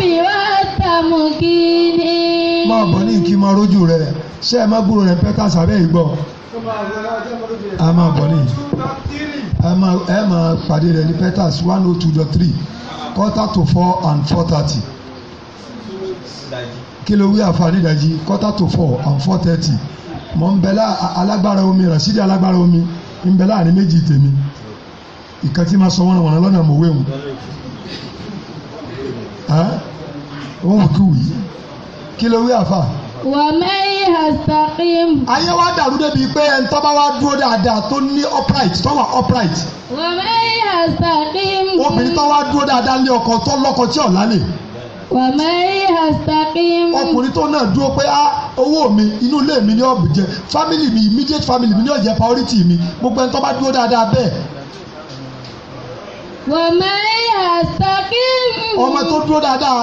والتمكين. máa bọ̀ ní kí n ما rójú rẹ̀ ṣé ẹ má gbúrò rẹ̀ pẹ́tà sábẹ́ ìgbọ́ a máa bọ̀ nìyí ẹ máa pàdé rẹ̀ ní peters one oh two dot three quarter to four and four thirty kí ló wí àǹfààní ìdajì quarter to four and four thirty mọ̀ ń bẹ alágbára omi rasidi alágbára omi ń bẹ láàrin méjì tèmi ìkan tí máa sọ wọ́n wọ̀n lọ́nà mọ̀wé wọn ó wù kí wù yí kí wí àǹfààní. wàmẹ́yìn hastaqim. ayé wa dàrú débi pé ẹni tó bá wá dúró dáadáa tó ní upright tó wà upright. wàmẹ́yìn hastaqim. obìnrin tó wá dúró dáadáa ní ọkọ tó lọ́kọ tí ọ̀la lè. wàmẹ́yìn hastaqim. ọkùnrin tó náà dúró pé ah, owó mi inú ilé mi ni ó jẹ family mi immediate family mi ni ó jẹ priority mi gbogbo ẹni tó bá dúró dáadáa bẹ́ẹ̀ wàmẹ́ àtàkìm. ọmọ tó dúró dáadáa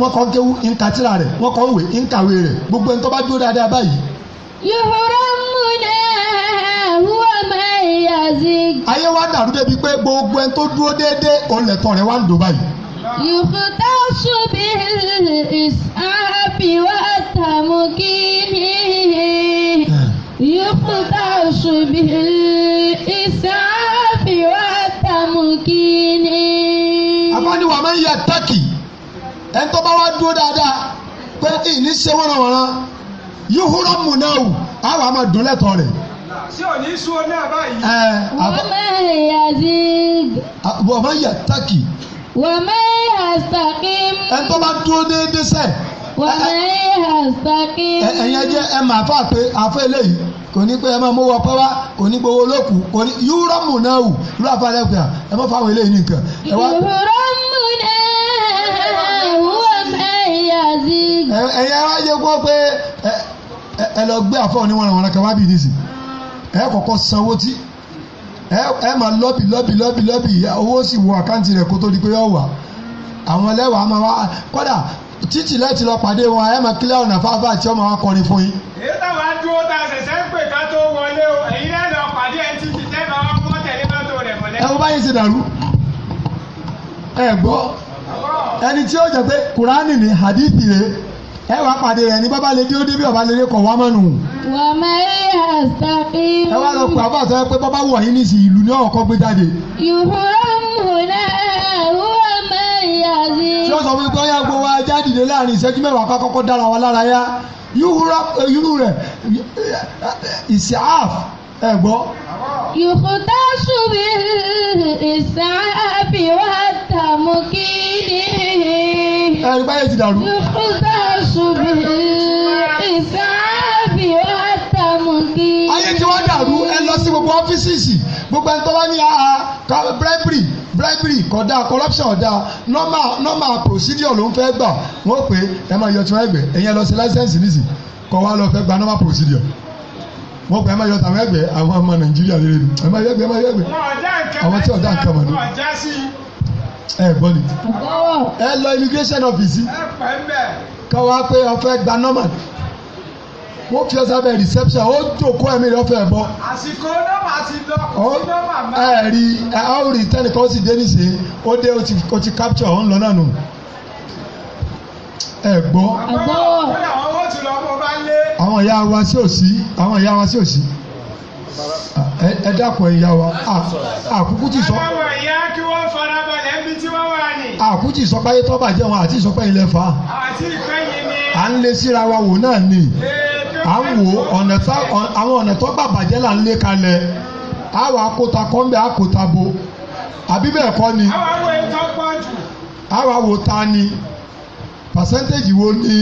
wọn kọ́ gẹ́wú nkàtìrà rẹ̀ wọn kọ́ wé nkàwé rẹ̀ gbogbo ẹni tó bá dúró dáadáa báyìí. yòhùrọ̀ múnà wàmẹ́ yàzí. ayé wa dàrú débi pé gbogbo ẹni tó dúró déédéé òun rẹ̀ wá ń dò báyìí. ìsàbí ìsàbí. kíni. àbáni wà máa ń ya tákì ẹ̀ ń tọ́ bá wá dúró dáadáa pé ìní ṣe wọ́n ràn wọ́n yóò húrọ́ mù náà wù á wà á máa dùn lẹ́tọ̀ọ́ rẹ̀. ṣé ò ní sún ọ náà báyìí. wọ́n máa yà ya tákì. wọ́n máa ń yà sàkín. ẹ̀ ń tọ́ bá dúró déédéé sẹ́ẹ̀. wọ́n máa yà sàkín. ẹ̀yin ẹ jẹ́ ẹ máa fà pé àfẹ́ eléyìí kò ní pé ẹ máa mówó ọpẹ́ wá kò ní gbowó lókù kò ní yúrọ́mù náà wù ló àfa rẹ pé ẹ má fáwọn eléyìí nìkan. yúrọ́mù náà wọ́n fẹ́ yà sí. ara jẹ́ kó pé ẹ lọ gbé àfọ̀ ní wọnà wọnà kan wá bì nísì ẹ kọ́kọ́ sanwó tí ẹ máa lọ́bì lọ́bì lọ́bì lọ́bì owó sì wọ àkáǹtì rẹ̀ kó tó di pé yọ̀ wá àwọn ẹlẹ́wàá máa wá kọ́dà títí láti lọ pàdé wọn ẹ máa kílẹ̀ ọ̀nà fáfáà tí ọ máa wá kọrin fún yín. èyí táwọn á dúró tá a ṣe tẹ̀lé o ẹ̀yin náà lọ pàdé ẹ̀ ti ti tẹ́ bàbá fún tẹ̀lé mọ́tò rẹ̀ mọ́lẹ́. ẹ wo báyìí ṣe dàrú ẹ gbọ́ ẹni tí ó jẹ pé kùránì ní hadithi rẹ̀ ẹ wàá pàdé rẹ̀ ní bàbá lè dé ó débi ọba lè dé kọ̀ wá mọ́nu. wà á máa yẹ àṣàkí. ẹ wá lọ pé àbá àtọ́ pé bàbá wọ̀ yín ní ìsìn ìlú ní ọ̀kọ́ gbé jáde. ìhùrọ̀ mùnà tí wọ́n sọ fún mi pé ọ̀yà gbowó ajá dìde láàrin ìṣẹ́jú mẹ́wàá ká kọ́kọ́ dára wa lára yá yúrú eh, rẹ̀ ìṣáàf eh, ẹ̀ gbọ́. yòkútà ṣubí ìṣáàfì wà tàmú kí ni. ẹ̀rí báyìí ti dàrú. yòkútà ṣubí ìṣáàfì wà tàmú kí ni. ayé tí wọ́n dàrú ẹ lọ sí gbogbo ọ́fíìsì gbogbo ẹni tó bá ní àhà ah, ah, bribery bribery kódà corruption kódà normal normal procedure ló ń fẹ́ gbà wọ́n pè é ẹ máa yọ tí wọ́n ẹgbẹ́ ẹ̀yẹn lọ sí license nísì kọ́ wa lọ fẹ́ gba normal procedure wọ́n pè é ẹ máa yọ tàwọn ẹgbẹ́ àwọn ọmọ nàìjíríà lè lu ẹ máa yọ ẹgbẹ́ ẹ máa yọ ẹgbẹ́ àwọn tí ọ̀dà nǹkan mọ̀ ní. ẹ gbọ́ ni ẹ lọ immigration office káwa pé ọ fẹ́ gba normal wọ́n fi ọsẹ abẹ reception ó jòkó ẹ̀mí rẹ̀ ọ̀fẹ́ bọ́. àsìkò nọ́mbà ti lọ kò sí nọ́mbà mọ́. ẹ rí ẹ á rí tẹnìkan ó sì dé nìṣe ó dé ó ti capture ó ń lọ náà nù. ẹ gbọ́. àgbọ̀ àwọn ìyá wa sí òsì àwọn ìyá wa sí òsì ẹ dákun ẹ yá wa àkúkú ti sọ. àwọn ìyá kí wọ́n farabalẹ̀ bí tí wọ́n wà ní. àkúkú ti sọ pé ayé tó bàjẹ́ wọn àti ìsọpẹ́ ilẹ̀ àti ìpẹ́yìn ni. à ń lé síra wa wò náà ni. ee à ń wò ọ̀nà tá àwọn ọ̀nà tó gbà bàjẹ́ là ń lé kalẹ̀ á wà kọ́ńbẹ́ á bo àbí bẹ́ẹ̀ kọ́ ni á wà ta ni pàṣẹ́ntéèjì wo ni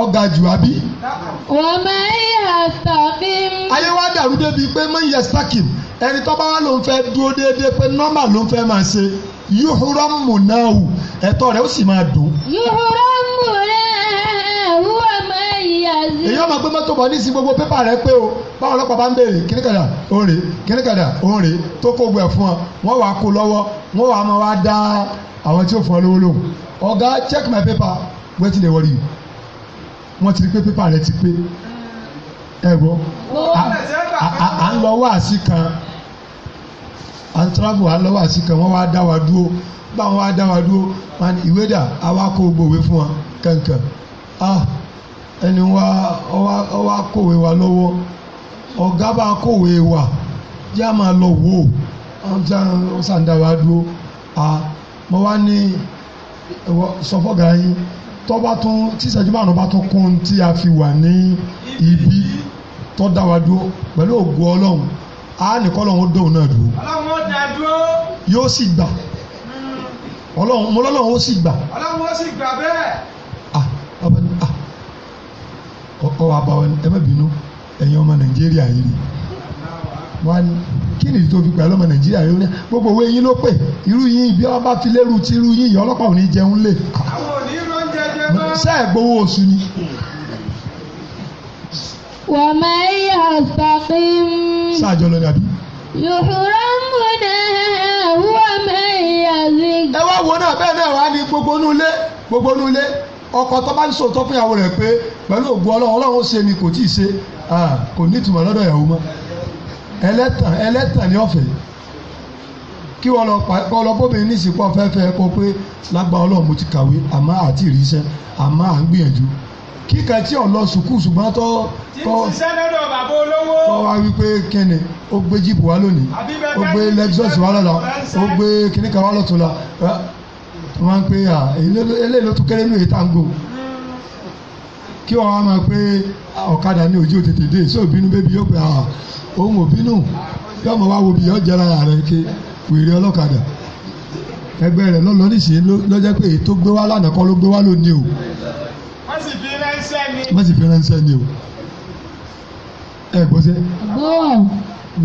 ọ̀gá jù àbí. wọ́n máa ń yà sàbí. ayé wa dàrú débi pé máa ń yẹ stakin ẹni tó bá wà ló ń fẹ́ dúró déédéé pé nọ́mà ló ń fẹ́ máa ṣe yúhúrọ́mù náà ẹ̀tọ́ rẹ̀ ó sì máa dùn. ayé. èyí ọmọ pé mọ́tò bọ̀ ní sí gbogbo pépà rẹ pé o báwọn ọlọ́pàá bá ń béèrè kíní kàdà ó rè kíní kàdà ó rè tó kó gbẹ fún ọ wọ́n wàá kó lọ́wọ́ wọ́n wàá máa wá dá àwọn tí ó fún ọ lówó lóhùn ọ̀gá check my paper wetin dey worry you wọ́n ti rí pé pépà rẹ ti pé ẹ gbọ́ à ń lọ wáàsí kan à ń travel à ń lọ wáàsí kan wọ́n wá dá wa dúró báwọn wá dá wa dúró ìwé dà àwa kó gbòwe fún wọn kankan ah! ẹni wa ọwa kòwé wa lọ́wọ́ ọ̀gá bá kòwé wa yá máa lọ wò ó sàǹdà wa dúró à mo wá ní sọfọ́gà yín tọ́ba tún tíṣẹ́jú bá àrùn bá tún kún tí a fi wà ní ibi tọ́ dá wa dúró pẹ̀lú ògo ọlọ́run a nìkan ọlọ́run ó dóun náà dúró. ọlọ́run ó dá dúró. yóò sì gbà hmm. ọlọ́run mo lọ́lọ́run ó sì gbà. ọlọ́run ó sì gbà bẹ́ẹ̀ ọ wà bá wọn ẹ ọmọ nàìjíríà yìí wọn kí ni tó fi ọmọ nàìjíríà yìí ni gbogbo owó eyín ló pè irú yín ibi wọn bá fi lérú ti irú yìí ọlọ́pàá ò ní jẹun lé. àwọn ò ní ló ń jẹjẹ mọ́. sẹ́ẹ̀ gbowó oṣù ni. ومن يستقم ساجلو نبي يحرم هداه ومن يزك. ẹ wá wo náà bẹ́ẹ̀ náà wá ní gbogbo onú gbogbo onú ilé tó bá ń sòótọ́ fún ìyàwó rẹ̀ pé pẹ̀lú ògùn ọlọ́run ọlọ́run ó ṣe ni kò tí ì ṣe kò ní ìtumọ̀ lọ́dọ̀ ìyàwó mọ́ ẹlẹ́tàn ẹlẹ́tàn ní ọ̀fẹ́ kí wọ́n lọ pa kọ́ lọ bómi nísìkò ọ̀fẹ́fẹ́ kó pé lágbà ọlọ́run mo ti kàwé àmọ́ àti ìrìnsẹ́ àmọ́ à ń gbìyànjú kíkà tí ọ̀ lọ sùkúù ṣùgbọ́n tó tó tó wá wípé kíni ó gbé jíìpù wá lónìí ó gbé Lexus wá lọ́la ó gbé kíníkà wá lọ́tún la wọ́n á ń pè é eléyìí ló tún kéré nù kí wọ́n wá máa pé ọ̀kadà ní ojú tètè dé so ìbínú bébí yóò pé ah, òun ò bínú yóò mọ̀ wá wo bí yóò jẹ́ra rẹ̀ ké wèrè ọlọ́kadà ẹgbẹ́ rẹ̀ lọ́lọ́ níṣẹ́ lọ́jọ́ pé èyí tó gbé wá lánàá kọ́ ló gbé wá lónìí o wọ́n sì fi ránṣẹ́ ni. wọ́n o ẹ gbọ́ sẹ́.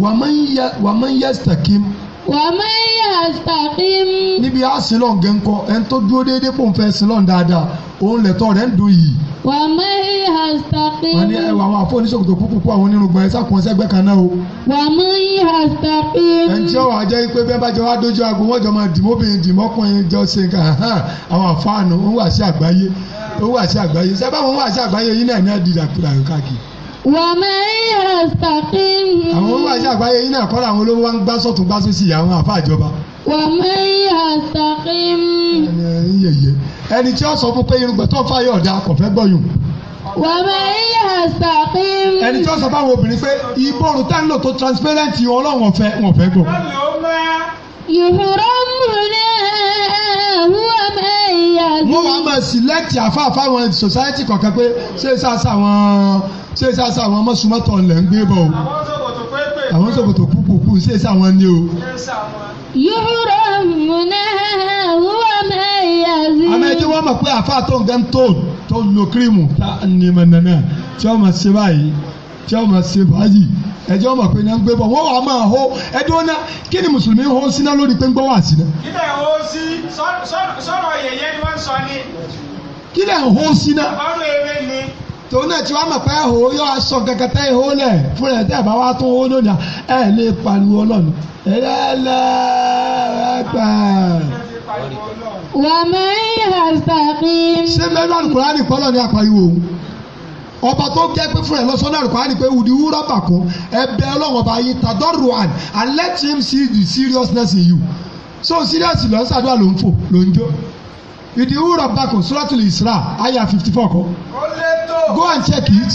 wàá máa ń yẹ wàá máa ń yẹ stakim wàmẹ yastaqim. níbi àsìlọ̀ gẹ̀ǹkọ ẹni tó dúró déédéé pò ń fẹ́ sílọ̀ dáadáa òun lẹ̀tọ́ rẹ̀ ń do yìí. wàmẹ yastaqim. wọ́n ní ẹwà àwọn àfọ oníṣòkòtò púpù pọ̀ àwọn onírúgbà ẹ̀ sàkóńsẹ́ ẹgbẹ́ kan náà o. wàmẹ yastaqim. ẹn tí ọwọ́ ajẹ́ pé bẹ́ẹ̀ bá jọ wá dójú aago wọ́n jọ máa dìmọ́bìnrin dìmọ́kùnrin jọ ṣe àwọn àfáànù ń wà sí àgbáyé ń wà sí àgbáyé sẹ́bàá wọn wàmẹ́ yastaqim. àwọn owó àti àgbáyé yín náà kọ́ra àwọn olówó wa ń gbá sọ̀tún gbá sósì àwọn àfa àjọba. wàmẹ́ yastaqim. ẹni tí ó sọ fún pé irun gbẹ̀tọ́ fáyọ̀ ọ̀dà kò fẹ́ gbọ́ yùn. wàmẹ́ yastaqim. ẹni tí ó sọ fáwọn obìnrin pé ìbòrùn tá ń lò tó transparent ọlọ́run ọ̀fẹ́ wọn fẹ́ gbọ́. yòhùrọ̀ múlẹ̀ wọ́n wàá máa sílẹ̀tì àfa àfa àwọn society kọ̀ọ̀kan pé ṣé sáà sáà wọn ṣé sáṣà àwọn mọ́sùmọ́tò ńlẹ̀ ń gbé bọ̀ o àwọn sòkòtò púpùpù ṣé sáwọn ni o. yúrò múná wọ́n máa yà rí. àmọ́ ẹjọ́ wọ́n mọ̀ pé àfa tó ń gan tó tó lo kírímù tá a ní mọ̀ nànà tí wọ́n máa ṣe báyìí tí wọ́n máa ṣe báyìí ẹjọ́ wọ́n mọ̀ pé náà ń gbé bọ̀ wọ́n wà máa hó ẹjọ́ náà kí ni mùsùlùmí hó sí lórí pé ń gbọ́ wà sí náà. kí hó sí sọ̀rọ̀ yẹ̀yẹ́ ni wọ́n sọ ni. kí hó sí ọ̀rọ̀ èrè ni tòun náà tí wàá mọ̀ pé ẹ̀hó yọ aṣọ kankan ẹ̀hó lẹ̀ fún rẹ̀ tẹ́ ẹ̀ bá wá tún owó lónìí ẹ̀ lè pariwo ọlọ́run ẹ̀rẹ́lẹ́ ẹ̀pà. wà á mẹ́rin àṣàkí. ṣé mẹ́rin àlùkùránì pọ́lọ́ ni àpariwo ọba tó jẹ́ pé fún ẹ lọ́sọ́nà àlùkùránì pé wùdí wúrọ̀ bàkọ́ ẹ bẹ ọlọ́run ọba yìí tàdọ́rù àn and let him see the seriousness in you so serious lọ sàdúrà ló ń fò ló ń jó ìdí wúrọ̀ bàkọ́ suratul Isra àyà fifty four kọ́. ó lé Go and check it.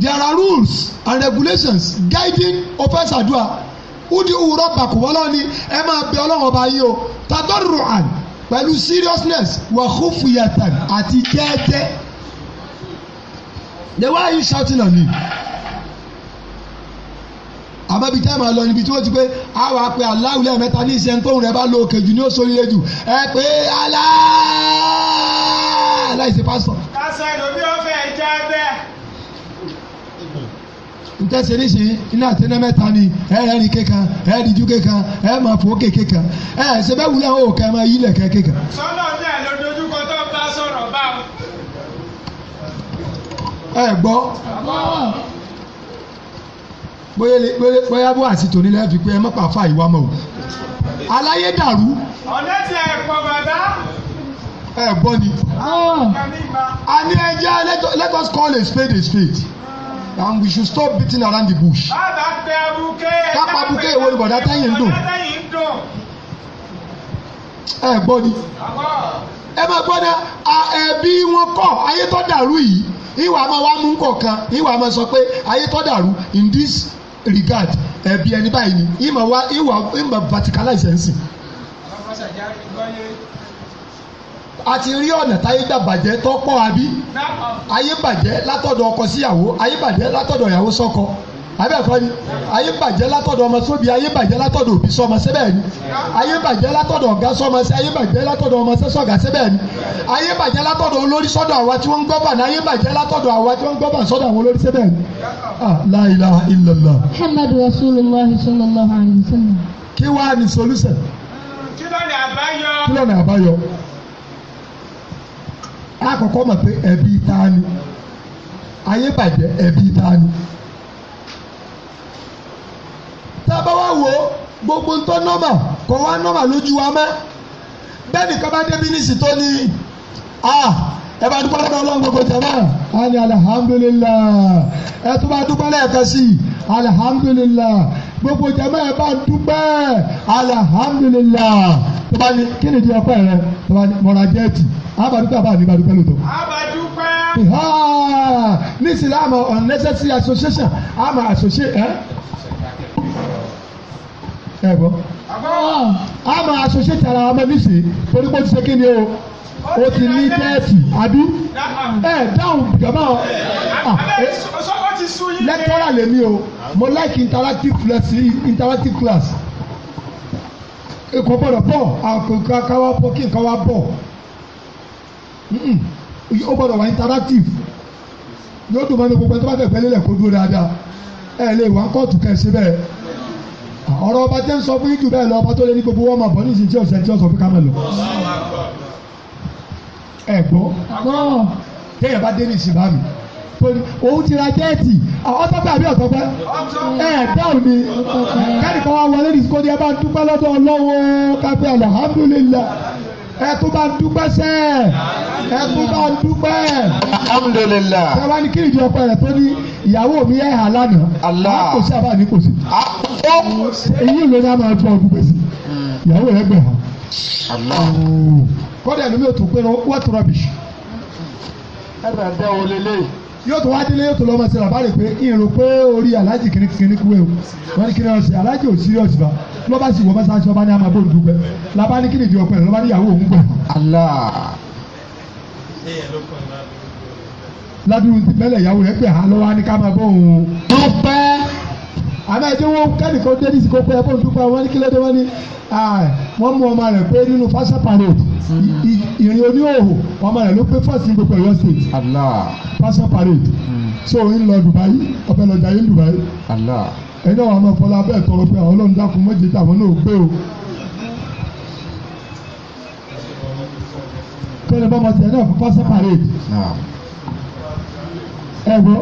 There are rules and regulations guiding offense adua. Udi uro bakuwala ni ẹ máa bẹ ọlọ́run ọba yìí o. Tadọ́rù àn pẹ̀lú seriousness wà húfùyàtàn àti jẹ́ẹ́jẹ́. Then why are you shouting on me? àmọ́ ibi táwọn lọ níbi tí wọ́n ti pé àwọn apẹ aláwùlẹ̀ mẹ́ta ní ìṣẹ́ ń tóun rẹ̀ bá lo òkè jù ní ó sóríire jù ẹ pé aláà aláìsí pásítọ̀. kásán ẹlòmí ọ̀fẹ́ ẹja bẹ́ẹ̀. ntẹ́sẹ̀ níṣẹ́ iná àtẹnẹ mẹ́ta ni ẹ̀ẹ́rì kékan ẹ̀ẹ́rì ju kékan ẹ̀ẹ́ máa fò kéke kan ẹ̀ẹ́ ṣe bẹ́ẹ̀ wúlẹ̀ ó kẹ́ máa yí lẹ̀ kẹ́ kékan. sọ́nà ọ̀dẹ́ ló dojúkọ tó bá sọ̀rọ̀ bá wọn. ẹ gbọ́ bóyá bó àti tòní lẹ́ẹ̀fi pé ẹ mọ́ pàfà ìwà mọ́ o aláyé dàrú. ọ̀nẹ́tì ẹ̀kọ́ bàbá ẹ̀bọ ni. Ah. a ní ẹja let us call a spade a spade and we should stop beating around the bush. kápá buké ìwé olùbọ̀dá tẹ́yìn ń dùn. ẹ gbọ́ ni ẹ máa gbọ́ ná ẹbí wọn kọ́ ayé tó dàrú yìí ìwà máa wá mú kọ̀ọ̀kan ìwà máa sọ pé ayé tó dàrú in this regard ẹbí ẹni báyìí ni ìmọ̀ wá ìwà ìmọ̀ verticalize ẹ̀ ń sìn a ti rí ọ̀nà táyé gbà bàjẹ́ tó pọ̀ àbí ayé bàjẹ́ látọ̀dọ̀ ọkọ síyàwó ayé bàjẹ́ látọ̀dọ̀ ìyàwó sọ́kọ àbí ẹ̀kọ́ ni ayé bàjẹ́ látọ̀dọ̀ ọmọ sóbi ayé bàjẹ́ látọ̀dọ̀ òbí sọmọ síbẹ̀ ni ayé bàjẹ́ látọ̀dọ̀ ọ̀gá sọmọ sí ayé bàjẹ́ látọ̀dọ̀ ọmọ sẹ́sọ̀gá síbẹ̀ ni ayé bàjẹ́ látọ̀dọ̀ olórí sọ́dọ̀ àwa tí wọ́n ń gbọ́bà ní ayé bàjẹ́ látọ̀dọ̀ àwa tí wọ́n ń gbọ́bà sọ́dọ̀ àwọn olórí síbẹ̀ ni. Ah, la ilaha illallah. muhammadu rasulillah sallallahu alayhi wa sallam. kí wàá ní solúsẹ̀. kí ló ní àbáyọ. kí ló ní àbáyọ àkọ́kọ́ mọ̀ pé ẹbí ta ni ayé bàjẹ́ ẹbí ta ni. tá a bá wá wò ó gbogbo ń nọ́mà kò wá nọ́mà lójú wa mọ́ bẹ́ẹ̀ nìkan bá débi níṣì tó ní a. Ah, ẹ bá dúpẹ́ lọ́dọ̀ ọlọ́run gbogbo jẹ̀mọ́ a ní alihamudulilayi ẹ tún bá dúpẹ́ lẹ́ẹ̀kan sí i alihamudulilayi gbogbo jẹ̀mọ́ ẹ bá ni ìdíyẹ pẹ́ rẹ tó bá ní mọ̀ra jẹ́ẹ̀tì abadúpẹ́ unnecessary association àmà associate ẹ. ẹ gbọ́. àmà associate ara ọmọ mi sì torí pé ó ti ṣe kí ni o o ti ní tẹ́ẹ̀tì àbí ẹ dáhùn jọba ọ lẹ́tọ́rà lèmi o mo like interactive class interactive class èkó gbọ́dọ̀ bọ̀ àkókò káwá bọ̀ kí nǹkan wá bọ̀ ó gbọ́dọ̀ wà interactive yóò dùn mọ́ni gbogbo ẹni tó bá fẹ́ gbẹ́lẹ́ lẹ̀ kó dúró dáadáa ẹ lè wá kóòtù kẹ́ ẹ ṣe bẹ́ẹ̀ ọ̀rọ̀ ọba tẹ́ ń sọ fún yíjú bẹ́ẹ̀ lọ ọba tó lé ní gbogbo wọn máa bọ̀ ní ìsìn tí ọ̀sẹ̀ tí ọ̀sọ̀ fi ká lọ ẹ̀gbọ́n àmọ́ téèyàn bá dé ní ìsìn bámi pẹ̀lú òun ti ra jẹ́ẹ̀tì ọ̀tọ́pẹ́ àbí ọ̀tọ́pẹ́ ẹ̀ dáhùn ni kẹ́nìkan wá wọlé ní sikodi ẹ bá dúpẹ́ lọ́dọ̀ ọlọ́wọ́ káfíń alhamdulillah ẹ tún bá dúpẹ́ sẹ́ ẹ tún bá dúpẹ́. alhamdulillah. ṣé wàá ní kí ìjọ ọkọ rẹ tó ní ìyàwó mi ẹ̀ hà lánàá. ala a kò sí àbá ní kò sí. ìyí ìlú ni a máa tún ọdún gbèsè ìyàwó rẹ gbẹ̀ kọ́dà ẹ̀mí yóò tún pé wọ́n tún rọ́bì. ẹ̀rọ ẹ̀dẹ́ wo lélẹ̀. yóò tún wá délé yóò tún lọ́mọ sí rà bá rè pé ìrù pé orí aláàjì kìnnì kìnnì kú ewu wọ́n ní kìnnì ọ̀sẹ̀ aláàjì ò serious bá lọ́ba sì wọ́n bá sáà sọ́ba ní àmàbò olùdúgbẹ́ làbá ní kìnnì ìdíwọ́ pẹ̀lú lọ́ba ní ìyàwó òun pẹ̀lú. ládùúgbò tìpẹ́lẹ̀ ìyàwó rẹ̀ pẹ̀ hàn lọ́wọ́ á ní ká máa bọ̀ òun. tó pẹ́ àmọ́ ẹ̀jẹ̀ wo kẹ́nìkan dé ní ìsìnkú pé ẹ bó ń dúpọ̀ wọn ní kílódé wọn ní wọ́n mú ọmọ rẹ̀ pé nínú fásá parade mhm. ìrìn oníhòòhò ọmọ rẹ̀ ló pé fásitì gbogbo Ọ̀yọ́ state fásá parade mhm. so ń lọ Dubai ọbẹ̀ lọ jayé Dubai ẹni àwọn ọmọ fọlá bẹ́ẹ̀ tọrọ pé àwọn Ọlọ́run dákun méje tàwọn náà gbé o. kẹ́ni bá ọmọ tiẹ̀ náà fún fásá parade ẹ̀gbọ́n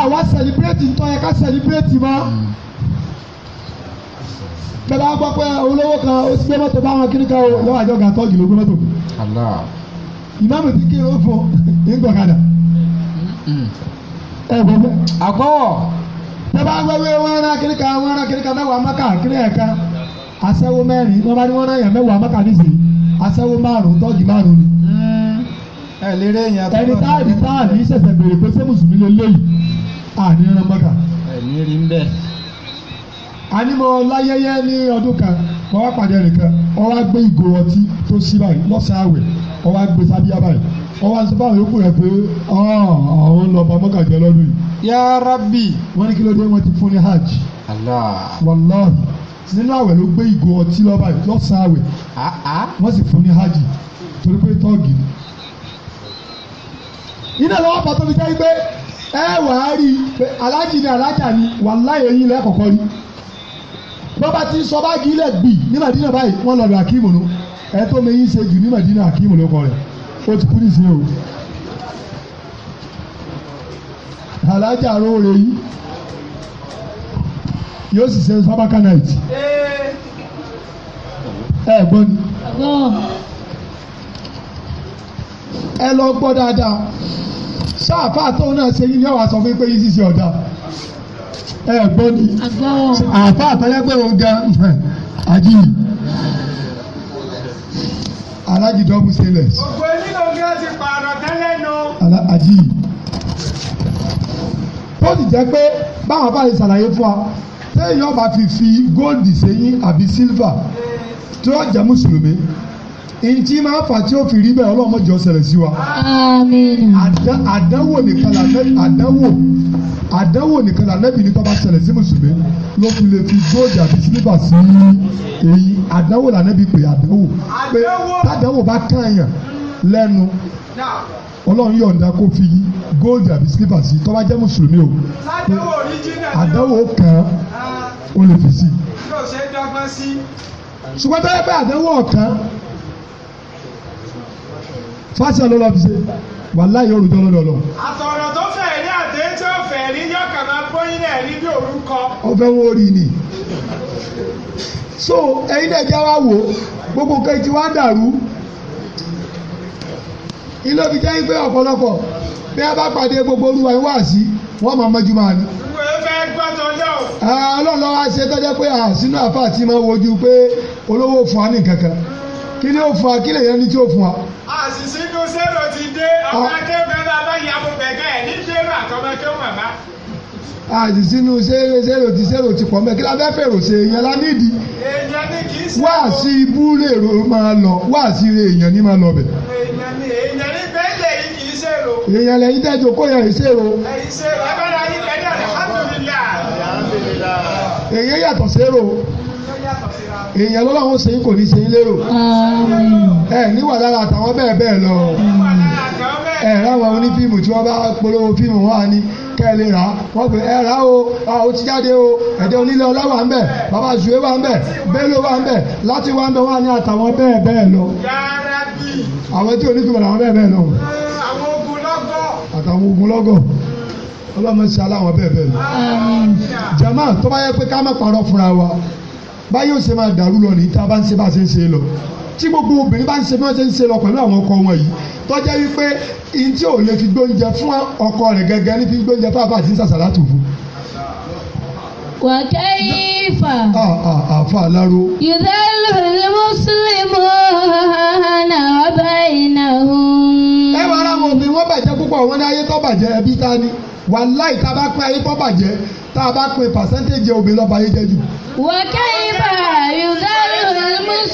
àwa sẹlẹbírẹ́tì ń tọ́ yẹ ká sẹlẹbírẹ́tì mọ́ bẹ́ẹ̀ bá gbọ́ pé olówó kan ó ti gbé mọ́tò báwọn kiri kan o lọ́wọ́ àjọ gàtọ́ jùlọ gbé mọ́tò ìmáàmù ti kéré ó fọ ìgbọ̀kadà ẹ gbọ́ bẹ́ẹ̀. àkọ́wọ̀. bẹ́ẹ̀ bá gbọ́ pé wọ́n rán kiri kan wọ́n rán kiri kan mẹ́wàá mọ́kà kiri ẹ̀ka aṣẹ́wó mẹ́rin wọ́n bá ní wọ́n rán yẹn mẹ́wàá mọ́kà nísìnyí aṣẹ́wó márùn-ún tọ́jú márùn-ún ni. Mm. ẹ lérè yẹn. ẹni táàdì táàdì ṣẹ̀ṣẹ̀ bèrè pé ṣé mùsùlùmí lè léyìí àní rán mọ́kà. ẹ̀mí rí ń bẹ́ẹ̀. a ní mo láyẹyẹ ní ọdún kan mo wá pàdé ẹnìkan ó wá gbé ìgò ọtí tó sí báyìí lọ́sàn-án àwẹ̀ ó wá gbé sábíà báyìí ó wá sọ fáwọn yòókù rẹ̀ pé àwọn ń lọ bá mọ́kà jẹ lọ́dún yìí. yá rábì. wọ́n ní kí ló dé wọ́n ti fún ní hajj. wàláhì nínú àwẹ̀ ló gbé ìgò ọtí lọ́ba lọ́sàn-án àwẹ̀ wọ́n sì fún ní hajj torí pé tọ́ọ̀gì ni. iná lọ́wọ́ pàtó fi jẹ́ pé ẹ wà á rí i ni alájà ni wàláhì ẹ̀yin lẹ́kọ̀ọ́kọ́ rí bọ́ba ti sọ báàgì ilẹ̀ gbì ní Madina báyìí wọ́n lọ́ọ́ akíìmù ló ẹ tó mi ṣe jù ní Madina akíìmù ló kọ rẹ̀ ó ti kú nísìnyí o alájà róore yìí yóò sì ṣe sábàkà náìtì ẹ ni ẹ lọ gbọ́ dáadáa. ṣáàfà tóun náà ṣe yín yọ̀wá sọ fún pé yín ṣiṣẹ́ ọ̀dà ẹ gbọ́ ni àfà àtọ́jọ́ òun gan àjíyìn alájì dọ́bù sílẹ̀. gbogbo ẹni jẹ́ pé báwọn bá lè ṣàlàyé fún wa téèyàn bá fi fi góòdì sẹ́yìn àbí sílvà tó yọ jẹ́ mùsùlùmí ntí máa fà tí ó fi rí bẹ́ẹ̀ ọlọ́run mọ̀jọ́ ṣẹlẹ̀ sí wa. àdánwò nìkan lànàbì àdánwò àdánwò nìkan lànàbì ní tọ́ba ṣẹlẹ̀ sí mùsùlùmí ló fi lè fi góòjà fi sílífà sí èyí àdánwò lànàbì pé àdánwò pé tàdánwò bá kàyàn lẹ́nu ọlọ́run yọ̀ǹda kó fi góòjà fi sílífà sí tọ́ba jẹ́ mùsùlùmí o àdánwò kan ó lè fi sí. ṣùgbọ́n tẹ́lẹ̀ pé àdánwò ọ̀kan. fásitì ọlọ́lọ́ fi ṣe wàhálà yóò rújọ́ lọ́dọ̀ lọ. àtọ̀rọ̀ tó fẹ̀ ní àti tí ó fẹ̀ ní yọkà máa bóyin náà ní bí orúkọ. ọ̀fẹ́ rí ni. so ẹ̀yin náà wa wò gbogbo nǹkan wá dàrú ilé jẹ́ ife ọ̀pọ̀lọpọ̀ bí a bá pàdé gbogbo olúwa wá wọ́n máa mọ́jú máa ní. Ah, ọlọ́run lọ́wọ́ á ṣe tọ́jú pé ah, àfáà pé olówó kí ni ó fún wa kí lè yẹn ní tí ó fún wa. àṣìṣe inú sẹ́rọ̀ ti dé ọmọ akẹ́kọ̀ọ́ ah. náà bá ya mo bẹ̀gẹ́ ẹ̀ ní sẹ́rọ̀ àtọmọkẹ́ màmá. àṣìṣe inú sẹ́rọ̀ ti sẹ́rọ̀ ti pọ̀ mẹ́ kí la fẹ́ fèrò ṣe èèyàn la nídìí. èèyàn ní kì í sẹ́rọ̀. wá sí ibú lè máa lọ wá sí ilé èèyàn ní máa lọ bẹ̀. èèyàn ní èèyàn ní bẹ́ẹ̀ lẹ́yìn kì í sẹ́rọ̀. èèyàn lẹ́yìn tẹ́jọ kó yẹn ìṣèrò. ìṣèrò ẹ èèyàn ló sẹ́yìn kò ní sẹ́yìn lérò ẹ níwà lára àtàwọn bẹ́ẹ̀ bẹ́ẹ̀ lọ ẹ ráwọn onífíìmù tí wọ́n bá polówó fíìmù wọn á ní kẹ́lẹ́ rà á wọ́n pè ẹ rà á ó ti jáde o ẹ̀jẹ̀ onílé ọlá wà ń bẹ̀ bàbá zuwe wà ń bẹ̀ bello wà ń bẹ̀ láti wà ń bẹ̀ wọ́n á àtàwọn bẹ́ẹ̀ bẹ́ẹ̀ lọ àwọn tí onífíìmù làwọn bẹ́ẹ̀ bẹ́ẹ̀ lọ àtàwọn ogun lọ́gọ̀ ọlọ́mọ sí aláwọ̀ bẹ́ẹ̀ báyìí ó ṣe máa dàrú lọ nìyí tá a bá ń ṣe bá a ṣe ń ṣe lọ tí gbogbo obìnrin bá ń ṣe bí wọ́n ṣe ń ṣe lọ pẹ̀lú àwọn ọkọ wọn yìí tọ́jẹ́ wípé ihun tí ò lè fi gbóúnjẹ fún ọkọ rẹ̀ gẹ́gẹ́ ní fi gbóúnjẹ fún àbáàtì sàṣàlá tó fún. wà á kẹ́ ìfà. àfa aláró. yùdẹ́lù mùsùlùmù náà ọba ìnáwó. ẹ wàá ra àwọn obìnrin bàjẹ́ púpọ̀ wọn ní ayé tó bàjẹ́ ẹbí ta ni wàláì tá a bá pín ayé tó bàjẹ́ tá a bá pín pàṣẹ́ntéèjì obìnrin lọ́ba ayé jẹ́ jù. wà á kẹ́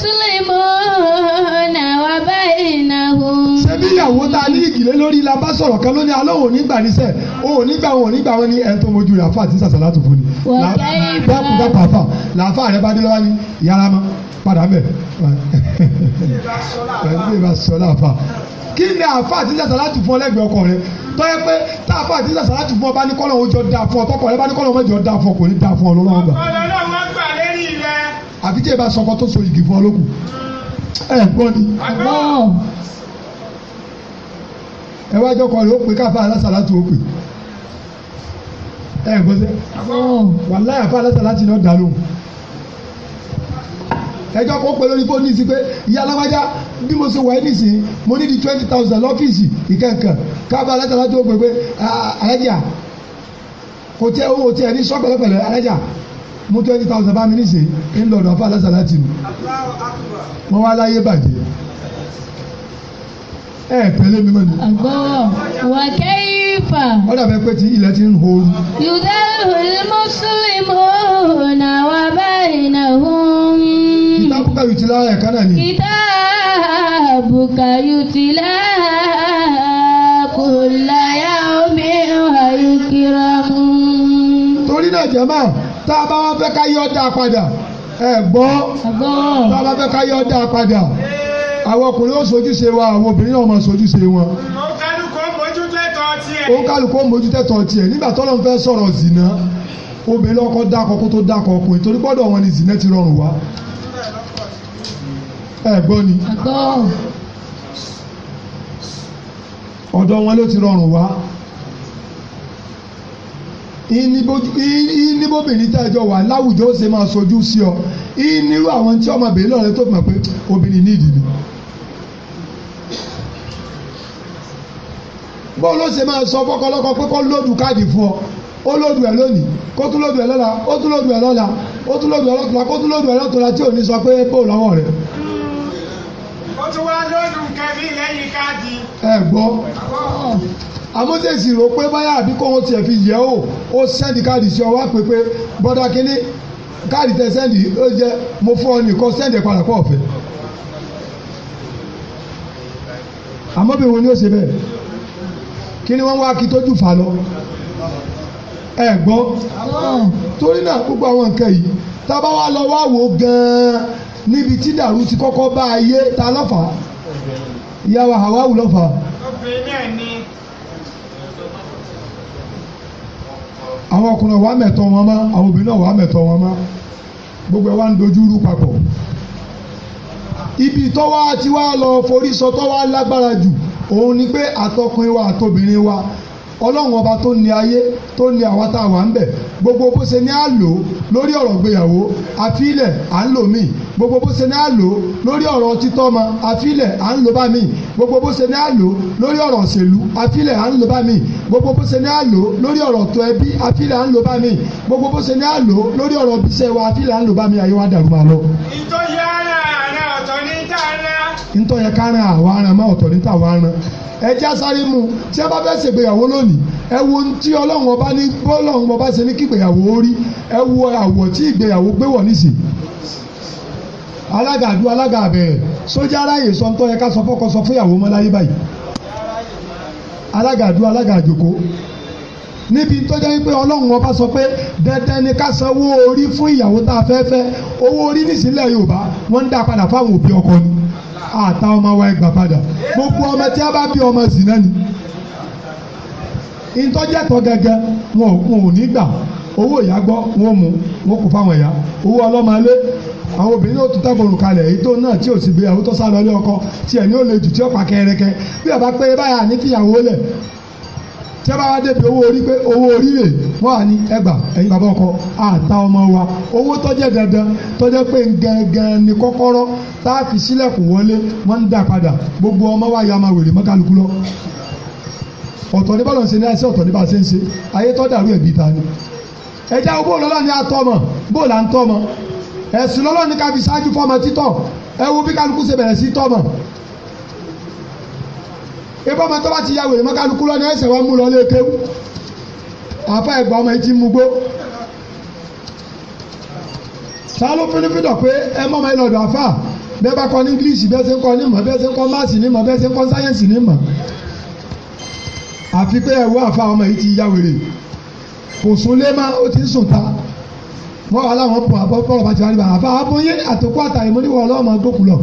Sùlẹ́mọ́nà wà báyìí náà hù. Ṣebí ìyàwó tá a ní ìkìlẹ̀ lórí la bá sọ̀rọ̀ kan lónìí alóhùn nígbà níṣẹ́ òhùn nígbà òhùn nígbà wọn ni ẹni tó mojú rẹ̀ àfa àti sàṣàlá tó fún ni. Báàkù bá pàápàá làáfà rẹ̀ bá dé lọ́wọ́ ní yàrá mọ́ padà mẹ́. Ẹni bá sọ láàfà. Kí ni àfa àti sàṣàlá tó fún ọ lẹ́gbẹ̀ẹ́ ọkọ rẹ̀? tọ́yẹ pé tá a fà àti sàṣàlá tó fún ọ bá ní kọ́lọ̀ òun jọ da fún ọ tọkọ rẹ bá ní kọ́lọ̀ òun jọ da fún ọ kò ní da fún ọ lọ́wọ́ àfi tí ẹ bá sọkọ tó so igi fún ọ lókun ẹ gbọ́ ni ẹ wá jọkọ rẹ ó pè káfa alásàlá tó o pè ẹ gbọ́ sẹ́ wàláyà fún alásàlá ti náà dà lóhùn ẹjọ́ kó pé lórí fóònù sí pé ìyá alágbájá bí mo ṣe wà ní ìsìn mo ní di twenty thousand lọ́fíìsì ìkẹ̀kẹ̀ káàbọ̀ alátàlá tó pè pé alájà kò tẹ owó tẹ ní sọ́pẹ̀lẹ́pẹ̀lẹ́ alájà mú twenty thousand bá mi ní sèé ńlọrọ afa alásàlá ti mi wọn wá láyé bàjẹ́ ẹ pẹ̀lẹ́ mi mọ́ àgbọ̀ wà kẹ́yìfà. wọ́n dàbẹ̀ pé ti ilẹ̀ ti ń ho. yùdá ìhòòhò mùsùlùmí òhùnà wà báyìí náà hùn. kìtà bùkà yùtìlá ẹ̀ka náà ni. kìtà bùkà yùtìlá kò láyà omi ọ̀hà yìí kìrọ̀. torí náà jẹ́ máa tá a bá wá fẹ́ ká yọ dáa padà ẹ gbọ́ tá a bá fẹ́ ká yọ dáa padà àwọn ọkùnrin ó sojúṣe wa àwọn obìnrin náà máa sojúṣe wọn. ó kálukú ó mójú tẹ́tọ̀ tiẹ̀ nígbà tọ́lọ́ fẹ́ sọ̀rọ̀ zìnà obìnrin lọ́kọ́ dákọ̀ kó tó dákọ̀ ọkùnrin torí gbọ́dọ̀ wọn ni zìnà ti rọrùn wá. ẹ gbọ́ ni ọ̀dọ̀ wọn ló ti rọrùn wá ìníbóbìnrin tẹ́ ẹ jọ wà láwùjọ ó ṣe máa sojú sí ọ ìnírú àwọn tí ọmọbìnrin náà rẹ tó mọ̀ pé obìnrin ní ìdìbò. bóun ló ṣe máa sọ fọkọlọkọ pé kó lóòdù káàdì fún ọ ó lóòdù ẹ lónìí kó tún lóòdù ẹ lọ́la ó tún lóòdù ẹ lọ́la ó tún lóòdù ẹ lọ́tùlá kó tún lóòdù ẹ lọ́tùlá tí ò ní sọ pé bóun lọ́wọ́ rẹ ó tún wá lóòdù kẹfì lẹ́yìn káàdì. ẹ gbọ́ amọ́sẹ̀sì rò pé báyà àbí kò wọ́n tiẹ̀ fi yẹ̀ ọ́ ó sẹ́ndì káàdì sí ọ wá pé pé bọ́dà kínní káàdì tẹ sẹ́ndì ó jẹ́ mo fún ọ nìkan sẹ́ndì padà pọ̀ ọ̀fẹ́. àmọ́ bí ni ó ṣe bẹ́ẹ̀ kí ni wọ́n wá kí tójú fà lọ ẹ gbọ́ torí náà gbogbo àwọn nǹkan yìí tábà wá lọ wá wò gan-an níbi tí dàrú ti kọ́kọ́ bá ayé ta lọ́fà ìyá wa Hawa wù lọ́fà. obìnrin náà ni àwọn ọkùnrin wàá wọn ma àwọn obìnrin náà wàá wọn ma gbogbo ẹ̀ wá ń dojú rú papọ̀ ibi tọ́wọ́ àti wá lọ forí sọ tọ́wọ́ lágbára jù òun ni pé àtọkùnrin wa àtobìnrin wa ọlọ́run ọba tó ní ayé tó ní àwa tá a wà ń bẹ̀ gbogbo bó ṣe ní à lò lórí ọ̀rọ̀ gbéyàwó àfilẹ̀ à ń lò míì gbogbo bó ṣe ní à lò lórí ọ̀rọ̀ títọ́ ọmọ àfilẹ̀ à ń lò bá míì gbogbo bó ṣe ní à lórí ọ̀rọ̀ òṣèlú àfilẹ̀ à ń lò bá míì gbogbo bó ṣe ní à lórí ọ̀rọ̀ tó ẹbí àfilẹ̀ à ń lò bá míì gbogbo bó ṣe ní à lórí ọ̀rọ̀ bíṣẹ́ wa àfilẹ̀ à ń lò bá míì ayé wa dàrú máa lọ. ìtọ́jú ara àná ọ̀tọ̀ ní ẹja sáré mu tí a bá fẹ́ ṣègbéyàwó lónìí ẹ wo tí ọlọ́run ọba ní bọ́lọ́run ọba ṣe ní kí ìgbéyàwó rí ẹ wo àwọ̀ tí ìgbéyàwó gbé wọ̀ nísìnyí alága àdúrà alága àbẹ̀rẹ̀ sójà aráyè sọ ń tọ́ ká sọ fọ́kọ sọ fún ìyàwó mọ́láyé báyìí alága àdúrà ọba sọ pé dandan ni ká sanwó orí fún ìyàwó tá a fẹ́ fẹ́ owó orí yorùbá wọ́n ọkọ ni. àtà ah, ọmọ wa ẹgbà padà gbogbo ọmọ tí a bá bí ọmọ sí náà ni ìtọ́jẹ́tọ̀ gẹ́gẹ́ wọn ò ní gbà owó ìyá gbọ́ wọn mú wọn kò fáwọn owó ọlọ́mọlé àwọn obìnrin yóò tún kalẹ̀ èyí tó náà tí ò sì gbéyàwó ọkọ tí ẹ̀ ní ò lè jù tí ó pa kẹrẹkẹ bí ọba pé báyà ní tí a bá wá débi owó orí pé owó orí rè wọ́n à ní ẹgbà ẹ̀yin bàbá ọkọ àtà ọmọ wa owó tọ́jẹ́ dandan tọ́jẹ́ pé gangan ni kọ́kọ́rọ́ tá a fi sílẹ̀kùn wọlé wọ́n ń dà padà gbogbo ọmọ wa ya máa wèrè mọ́kàlùkù lọ ọ̀tọ̀ ní bọ́lá ń ṣe ní àṣẹ ọ̀tọ̀ ní bá a ṣe ń ṣe ayé tọ́ dàrú ẹ̀bí ta ni ẹ̀já o bóòlù ọlọ́ni àtọ́mọ̀ bóòlù àtọ́mọ̀ ẹ̀sùn lọ́lọ́ni kábi ṣáájú fọ́mọ títọ̀ ẹ wo bí kálukú ṣe bẹ̀rẹ̀ sí tọ́mọ̀ ibà máa tọ́ bá ti ya wèrè mọ́ kálukú lọ́ni ẹ̀sẹ̀ wọn mú lọ lé kéwù àfa ẹ̀gbọ́n ọmọ ẹtí mú gbó ta ló fínífínà pé ẹ mọ́ ọmọ ìlọ̀dọ̀ àfa bẹ́ẹ̀ bá kọ́ ní English bẹ́ẹ̀ ṣe ń kọ́ ní mọ̀ bẹ́ẹ̀ ṣe ń kọ́ máàsì ní mọ̀ bẹ́ẹ̀ ṣe ń kọ́ sáyẹ́ǹsì ní mọ̀ àfi pé ẹ̀wọ́ àfa ọmọ yìí ti ya wèrè kò sún lé má ó ti ń sùn wọ́n wà láwọn pọ̀ àbọ̀ fọlọ́ bá ti wá níbà àfa abóyé àtòkọ́ àtàyè mo ní wọ́n ọlọ́mọ gòkù lọ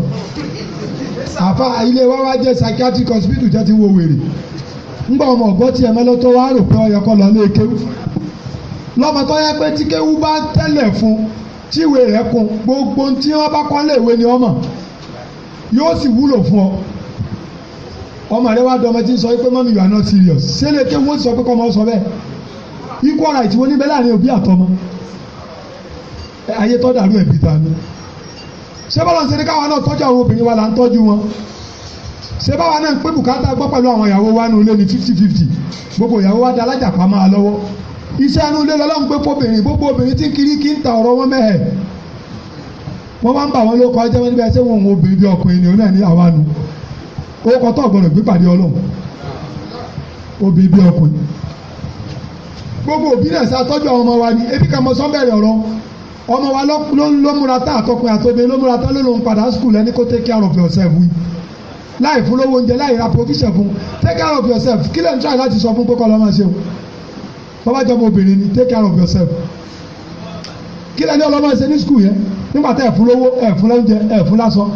àfa ilé wa wá jẹ́ psychiatric hospital jẹ́ ti wo wèrè ńgbà ọmọ ọ̀gbọ́ tiẹ̀ mẹ́lọ́tọ́ wá rò pé ọyọ kọ́ lọ lé kéwú lọ́mọ tó yẹ pé tí kéwú bá tẹ́lẹ̀ fún tí ìwé rẹ̀ kún gbogbo tí wọ́n bá kọ́ lé ìwé ni ọmọ yóò sì wúlò fún ọ ọmọ rẹ wá dọmọ tí ń sọ pé mọ́mí you are not serious ṣé lè kéwú ó ti sọ pé kọ́ ọmọ sọ bẹ́ẹ̀ equal right wo níbẹ̀ láàrin òbí àtọmọ ayé tó dàrú ẹ̀bí ta ni ṣé bọ́lá ń ṣe ní káwa náà àwọn obìnrin wa là ń tọ́jú wọn náà ń pé bùkátà gbọ́ pẹ̀lú àwọn ìyàwó wa ní fifty fifty gbogbo ìyàwó wa da alájà pa máa lọ́wọ́ iṣẹ́ inú ilé lọ́lọ́run pé fóbìnrin gbogbo obìnrin tí ń kiri kí ń ta ọ̀rọ̀ wọn mẹ́hẹ̀ wọ́n máa ń bà wọ́n ló wọn níbi ẹsẹ̀ wọn òun obìnrin bí ọkùnrin ni òun náà ní ọmọ wa ló ń múra tá àtọkùn àtọbẹ ló múra tá ló ló ń padà skul ẹni kó take care of yourself wí láì fún lówó oúnjẹ láì ra provision fún take care of yourself kí lẹ́nu try láti sọ fún pé kọ́ lọ́ máa ṣe o bàbá jọba obìnrin ni take care of yourself kí lẹ́nu ọlọ́mọ ṣe ní skul yẹn nígbà tá ẹ̀ fún lówó ẹ̀ fún lóúnjẹ ẹ̀ fún lásán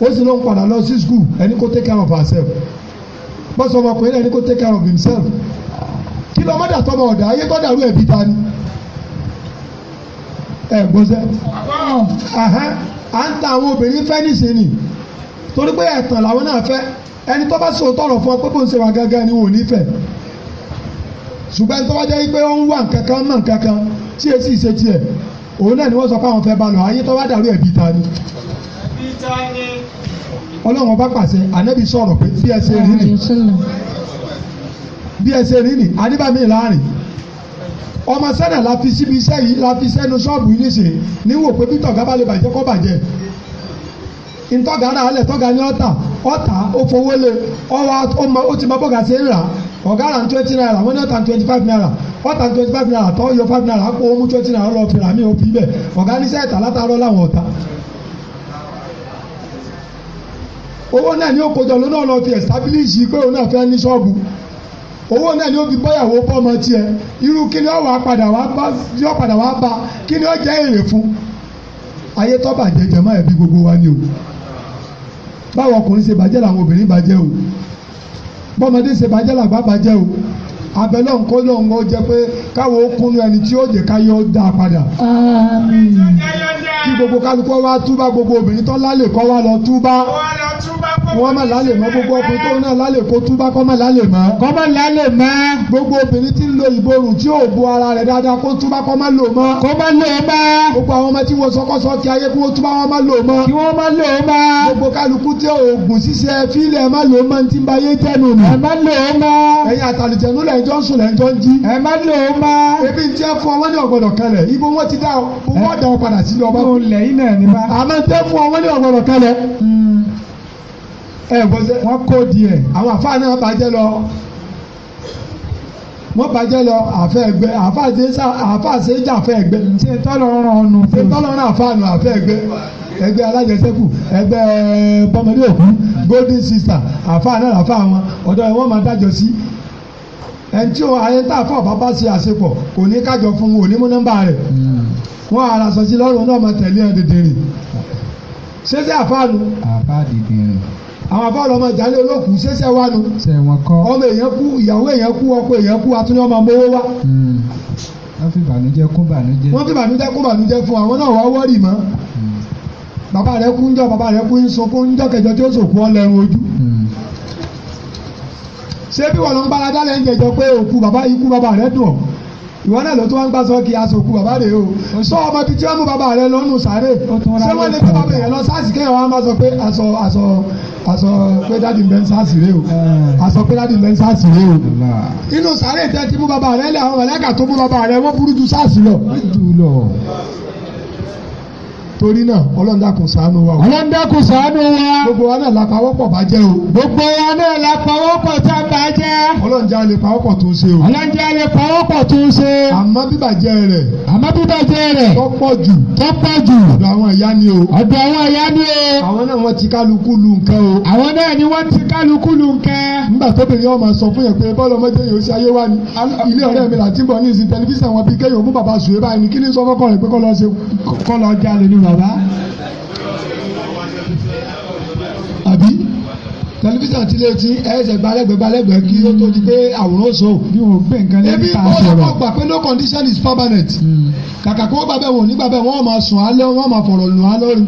ó sì ló ń padà lọ take care of herself bọ́sọ̀ ọmọkùnrin ẹni kó take care of himself kí lọ́mọdà tọmọ ọ̀dà ayé gbọ́dà rú ẹ̀bí ta ni ẹ gbọ́sẹ̀ à ń ta àwọn obìnrin fẹ́ nísìnyí torí pé ẹ̀tàn làwọn náà fẹ́ ẹni tó bá sọ tọrọ fún ọ pé bó ń ṣe wà gángan ni wò ní fẹ́ ṣùgbọ́n ẹni tó bá jẹ́ pé ó ń wà nǹkankan mọ̀ nǹkankan tí èsì ìṣe tiẹ̀ òun náà ni wọ́n sọ pé àwọn fẹ́ bá lọ ayé tó bá dàrú ẹ̀bí ta ni ọlọ́run bá pàṣẹ ànábì sọ̀rọ̀ pé bí ẹ ṣe rí ni bí ẹ ṣe rí ni adébámi láàrin ọmọ sẹ́nà la fi síbi iṣẹ́ yìí la fi sẹ́nu ṣọ́ọ̀bù yìí nísìnyí níwò pé bí tọ̀gá bá lè bàjẹ́ kọ́ bàjẹ́ ntọ́gà ara alẹ̀ tọ́gà ní ọ̀tà ọ̀tà ó fowó lé ọwọ́ ọmọ ó ti ọ̀gá twenty naira wọ́n ní ọ̀tà twenty five naira ọ̀tà twenty five naira tọ́ yọ five naira kó o mú twenty naira lọ fi ọ̀gá ní sẹ́ẹ̀tà látàárọ̀ làwọn ọ̀tà. owó náà ní òkòjọ pé òun owó náà ni ó fi bọ́yàwó bọ́mọ tiẹ̀ irú kí ni ó wàá padà wá bá kí padà wá bá kí ni ó jẹ́ èrè fún ayé tó bàjẹ́ jẹ́ máa ẹ̀bí gbogbo wa ni o báwo ọkùnrin ṣe bàjẹ́ làwọn obìnrin bàjẹ́ o bọ́mọdé ṣe bàjẹ́ làgbà bàjẹ́ o abẹ lọ́hùn jẹ́ pé káwọ́ ó ẹni tí ó jẹ́ káyọ̀ ó padà. kí gbogbo kálukọ́ wa túbá gbogbo obìnrin tó lálẹ́ kọ́ wa lọ túbá wọ́n má lálẹ́ mọ́ gbogbo ọkùnrin tó náà lálẹ́ kó túbá kọ́ má lálẹ́ mọ́. kọ́ má lálẹ́ mọ́. gbogbo obìnrin tí ń lo ìborùn tí yóò bo ara rẹ̀ dáadáa kó túbá kọ́ má lò mọ́. kọ́ má lò mọ́. gbogbo àwọn ọmọ tí wọ́n sọkọ́sọ ti ayé kí wọ́n túbá wọn má lò mọ́. kí wọ́n má lò mọ́. gbogbo kálukú tí oògùn ṣíṣe fílẹ̀ má lò mọ́ ti ba yé jẹ́nu nù. ẹ má lò mọ́. ẹ̀yin àtàlùjẹ̀nu lẹ̀ ń ẹ gbọ́dọ̀ wọ́n kó diẹ àwọn àfa náà bàjẹ́ lọ wọ́n bàjẹ́ lọ àfẹ́ ẹgbẹ́ àfa àdéṣà àfa àṣejà àfẹ́ ẹgbẹ́. ṣe tọ́lọ́rọ̀ ọ̀nù. ṣe tọ́lọ́rọ̀ àfa ànù àfẹ́ ẹgbẹ́ ẹgbẹ́ alájẹsẹ́kù ẹgbẹ́ bọ́mọdé òkú golden sister àfa náà àfa wọn ọ̀dọ́ ẹ̀ wọ́n máa dájọ́ sí. ẹn tí o ayé tá a fọ bàbá ṣe àṣepọ̀ kò ní kájọ fún un òní mú nọ́mbà rẹ̀ hmm. wọ́n ara sọ sí lọ́rùn náà máa tẹ̀lé ṣé àfa àfa àwọn afáàlọ́ ọmọ ìjálẹ̀ olókùn ṣẹ̀ṣẹ̀ wà nù. sẹ̀wọ̀n kọ́. ọmọ èèyàn kú ìyàwó èèyàn kú ọkọ èèyàn kú atúnyẹ ọmọ mowó wá. Hmm. wọ́n fi bànújẹ́ kún bànújẹ́. wọ́n fi bànújẹ́ kún bànújẹ́ fún àwọn náà wá wọ́ọ̀rì mọ́. Hmm. bàbá rẹ kú ńjọ bàbá rẹ kú ńsọ kú ńjọ kẹjọ tí ó sòkú ọlẹ́run ojú. Hmm. ṣé bí wọn lọ ń gbáradá lẹ́ ìwọ náà ló tó wá ń gbá sọ́ọ̀kì asòkù bàbá rẹ̀ o sọ ọmọ ibi tí wọ́n mú bàbá rẹ̀ lọ́nù sáré ṣé wọ́n lè gbé bàbá yẹn lọ sáàsì kéèyàn wá máa sọ pé aṣọ aṣọ aṣọ pé dáàdì bẹ́ẹ̀ ń sáàsì rẹ̀ o ah. aṣọ pé dáàdì bẹ́ẹ̀ ń sáàsì rẹ̀ o inú sáré tẹ́ ti mú bàbá rẹ̀ lé àwọn mọ̀lẹ́kà tó mú bàbá rẹ̀ wọ́n burú ju sáàsì lọ torí náà ọlọ́run dákun ṣàánú wa ọlọ́run dákun ṣàánú wa. gbogbo wa náà la pawọ́pọ̀ bá jẹ́ o. gbogbo wa náà la pawọ́pọ̀ tó bá jẹ́. ọlọ́run jẹ́ alẹ́ pawọ́pọ̀ tó ń ṣe o. ọlọ́run jẹ́ alẹ́ pawọ́pọ̀ tó ń ṣe. àmọ́ bíbàjẹ́ rẹ̀. àmọ́ bíbàjẹ́ rẹ̀. tọ́pọ̀ jù. tọ́pọ̀ jù. ọ̀dọ̀ àwọn ìyá ni o. ọ̀dọ̀ àwọn ìyá ni o. àwọn náà wọ́n ti kálukú lu nǹkan o. àwọn náà ni wọ́n ti kálukú lu nǹkan. nígbà tóbìnrin ọmọ sọ fún yẹn pé bọ́ọ̀lù ọmọdé yóò ṣe ayé wa ni ilé ọ̀rẹ́ mi là ti bọ̀ ní ìsìn tẹlifíṣàn wọn bíi kéèyàn mú bàbá sùwé báyìí ni kí ni sọ fọ́kọ̀ rẹ̀ pé kọ́ lọ́ọ́ ṣe kọ́ lọ́ọ́ jalè nínú bàbá àbí tẹlifíṣàn tí lè ti ẹsẹ̀ gbalẹ́gbẹ̀ẹ́ gbalẹ́gbẹ̀ẹ́ kí ó tó di pé àwòrán oṣù. bí o gbé nǹkan lẹ́yìn tá a sọ̀rọ̀. ebi ó gbà pé no condition is permanent. Hmm. kàkà kí wọ́n gbà bẹ́ẹ̀ wọ́n nígbà bẹ́ẹ̀ wọ́n máa sùn alẹ́ wọ́n máa fọ̀rọ̀ lù á lórí.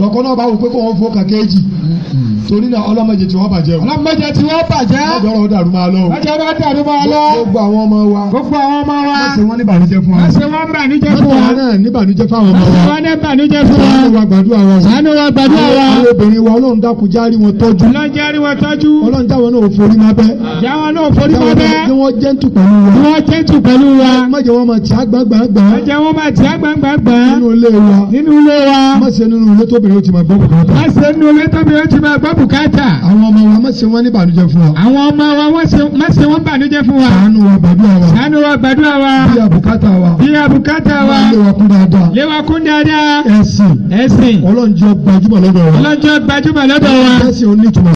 lọ́kọ́ náà bá wò pé kò wọ́n fọ́ kàkéèjì. Hmm torí náà ọlọ́mọdé tí wọ́n bàjẹ́ o. ọlọ́mọdé tí wọ́n bàjẹ́. ọjọ́ ọ̀rọ̀ dàrú máa lọ. ọjọ́ ọ̀rọ̀ dàrú máa lọ. gbogbo àwọn ọmọ wa. gbogbo àwọn ọmọ wa. wọ́n ṣe ní bànújẹ́ fún wa. wọ́n ṣe wọ́n bànújẹ́ fún wa. wọ́n náà ní bànújẹ́ fáwọn ọmọ wa. wọ́n ní bànújẹ́ fún wa. sànú wa gbàdúrà wa. sànú wa gbàdúrà wa. àwọn obìnrin wa ọlọ́run dákun járí wọn tọ́jú. ọlọ́run járí wọn tọ́jú. ọlọ́run jáwọn náà ò forí máa bẹ́. jáwọn náà ò forí máa bẹ́. kí wọ́n jẹ́ ntù pẹ̀lú wa. kí wọ́n jẹ́ ntù pẹ̀lú wa. má jẹ́ wọ́n máa tí àgbàgbàgbà. má jẹ́ wọ́n máa tí àgbàgbàgbà. nínú ilé wa. nínú ilé wa. má ṣe bùkátà. àwọn ọmọ wa má ṣe wọ́n ní bànújẹ́ fún wa. àwọn ọmọ wa má ṣe wọ́n bànújẹ́ fún wa. ṣàánú wa gbàdúrà wa. ṣàánú wa gbàdúrà wa. bíyà bùkátà wa. bíyà bùkátà wa. léwa kún dáadáa. léwa kún dáadáa. ẹ̀sìn. ẹ̀sìn. ọlọ́njọ́ gbajúmọ̀ lọ́dọ̀ wa. ọlọ́njọ́ gbajúmọ̀ lọ́dọ̀ wa. ẹ̀sìn onítùmọ̀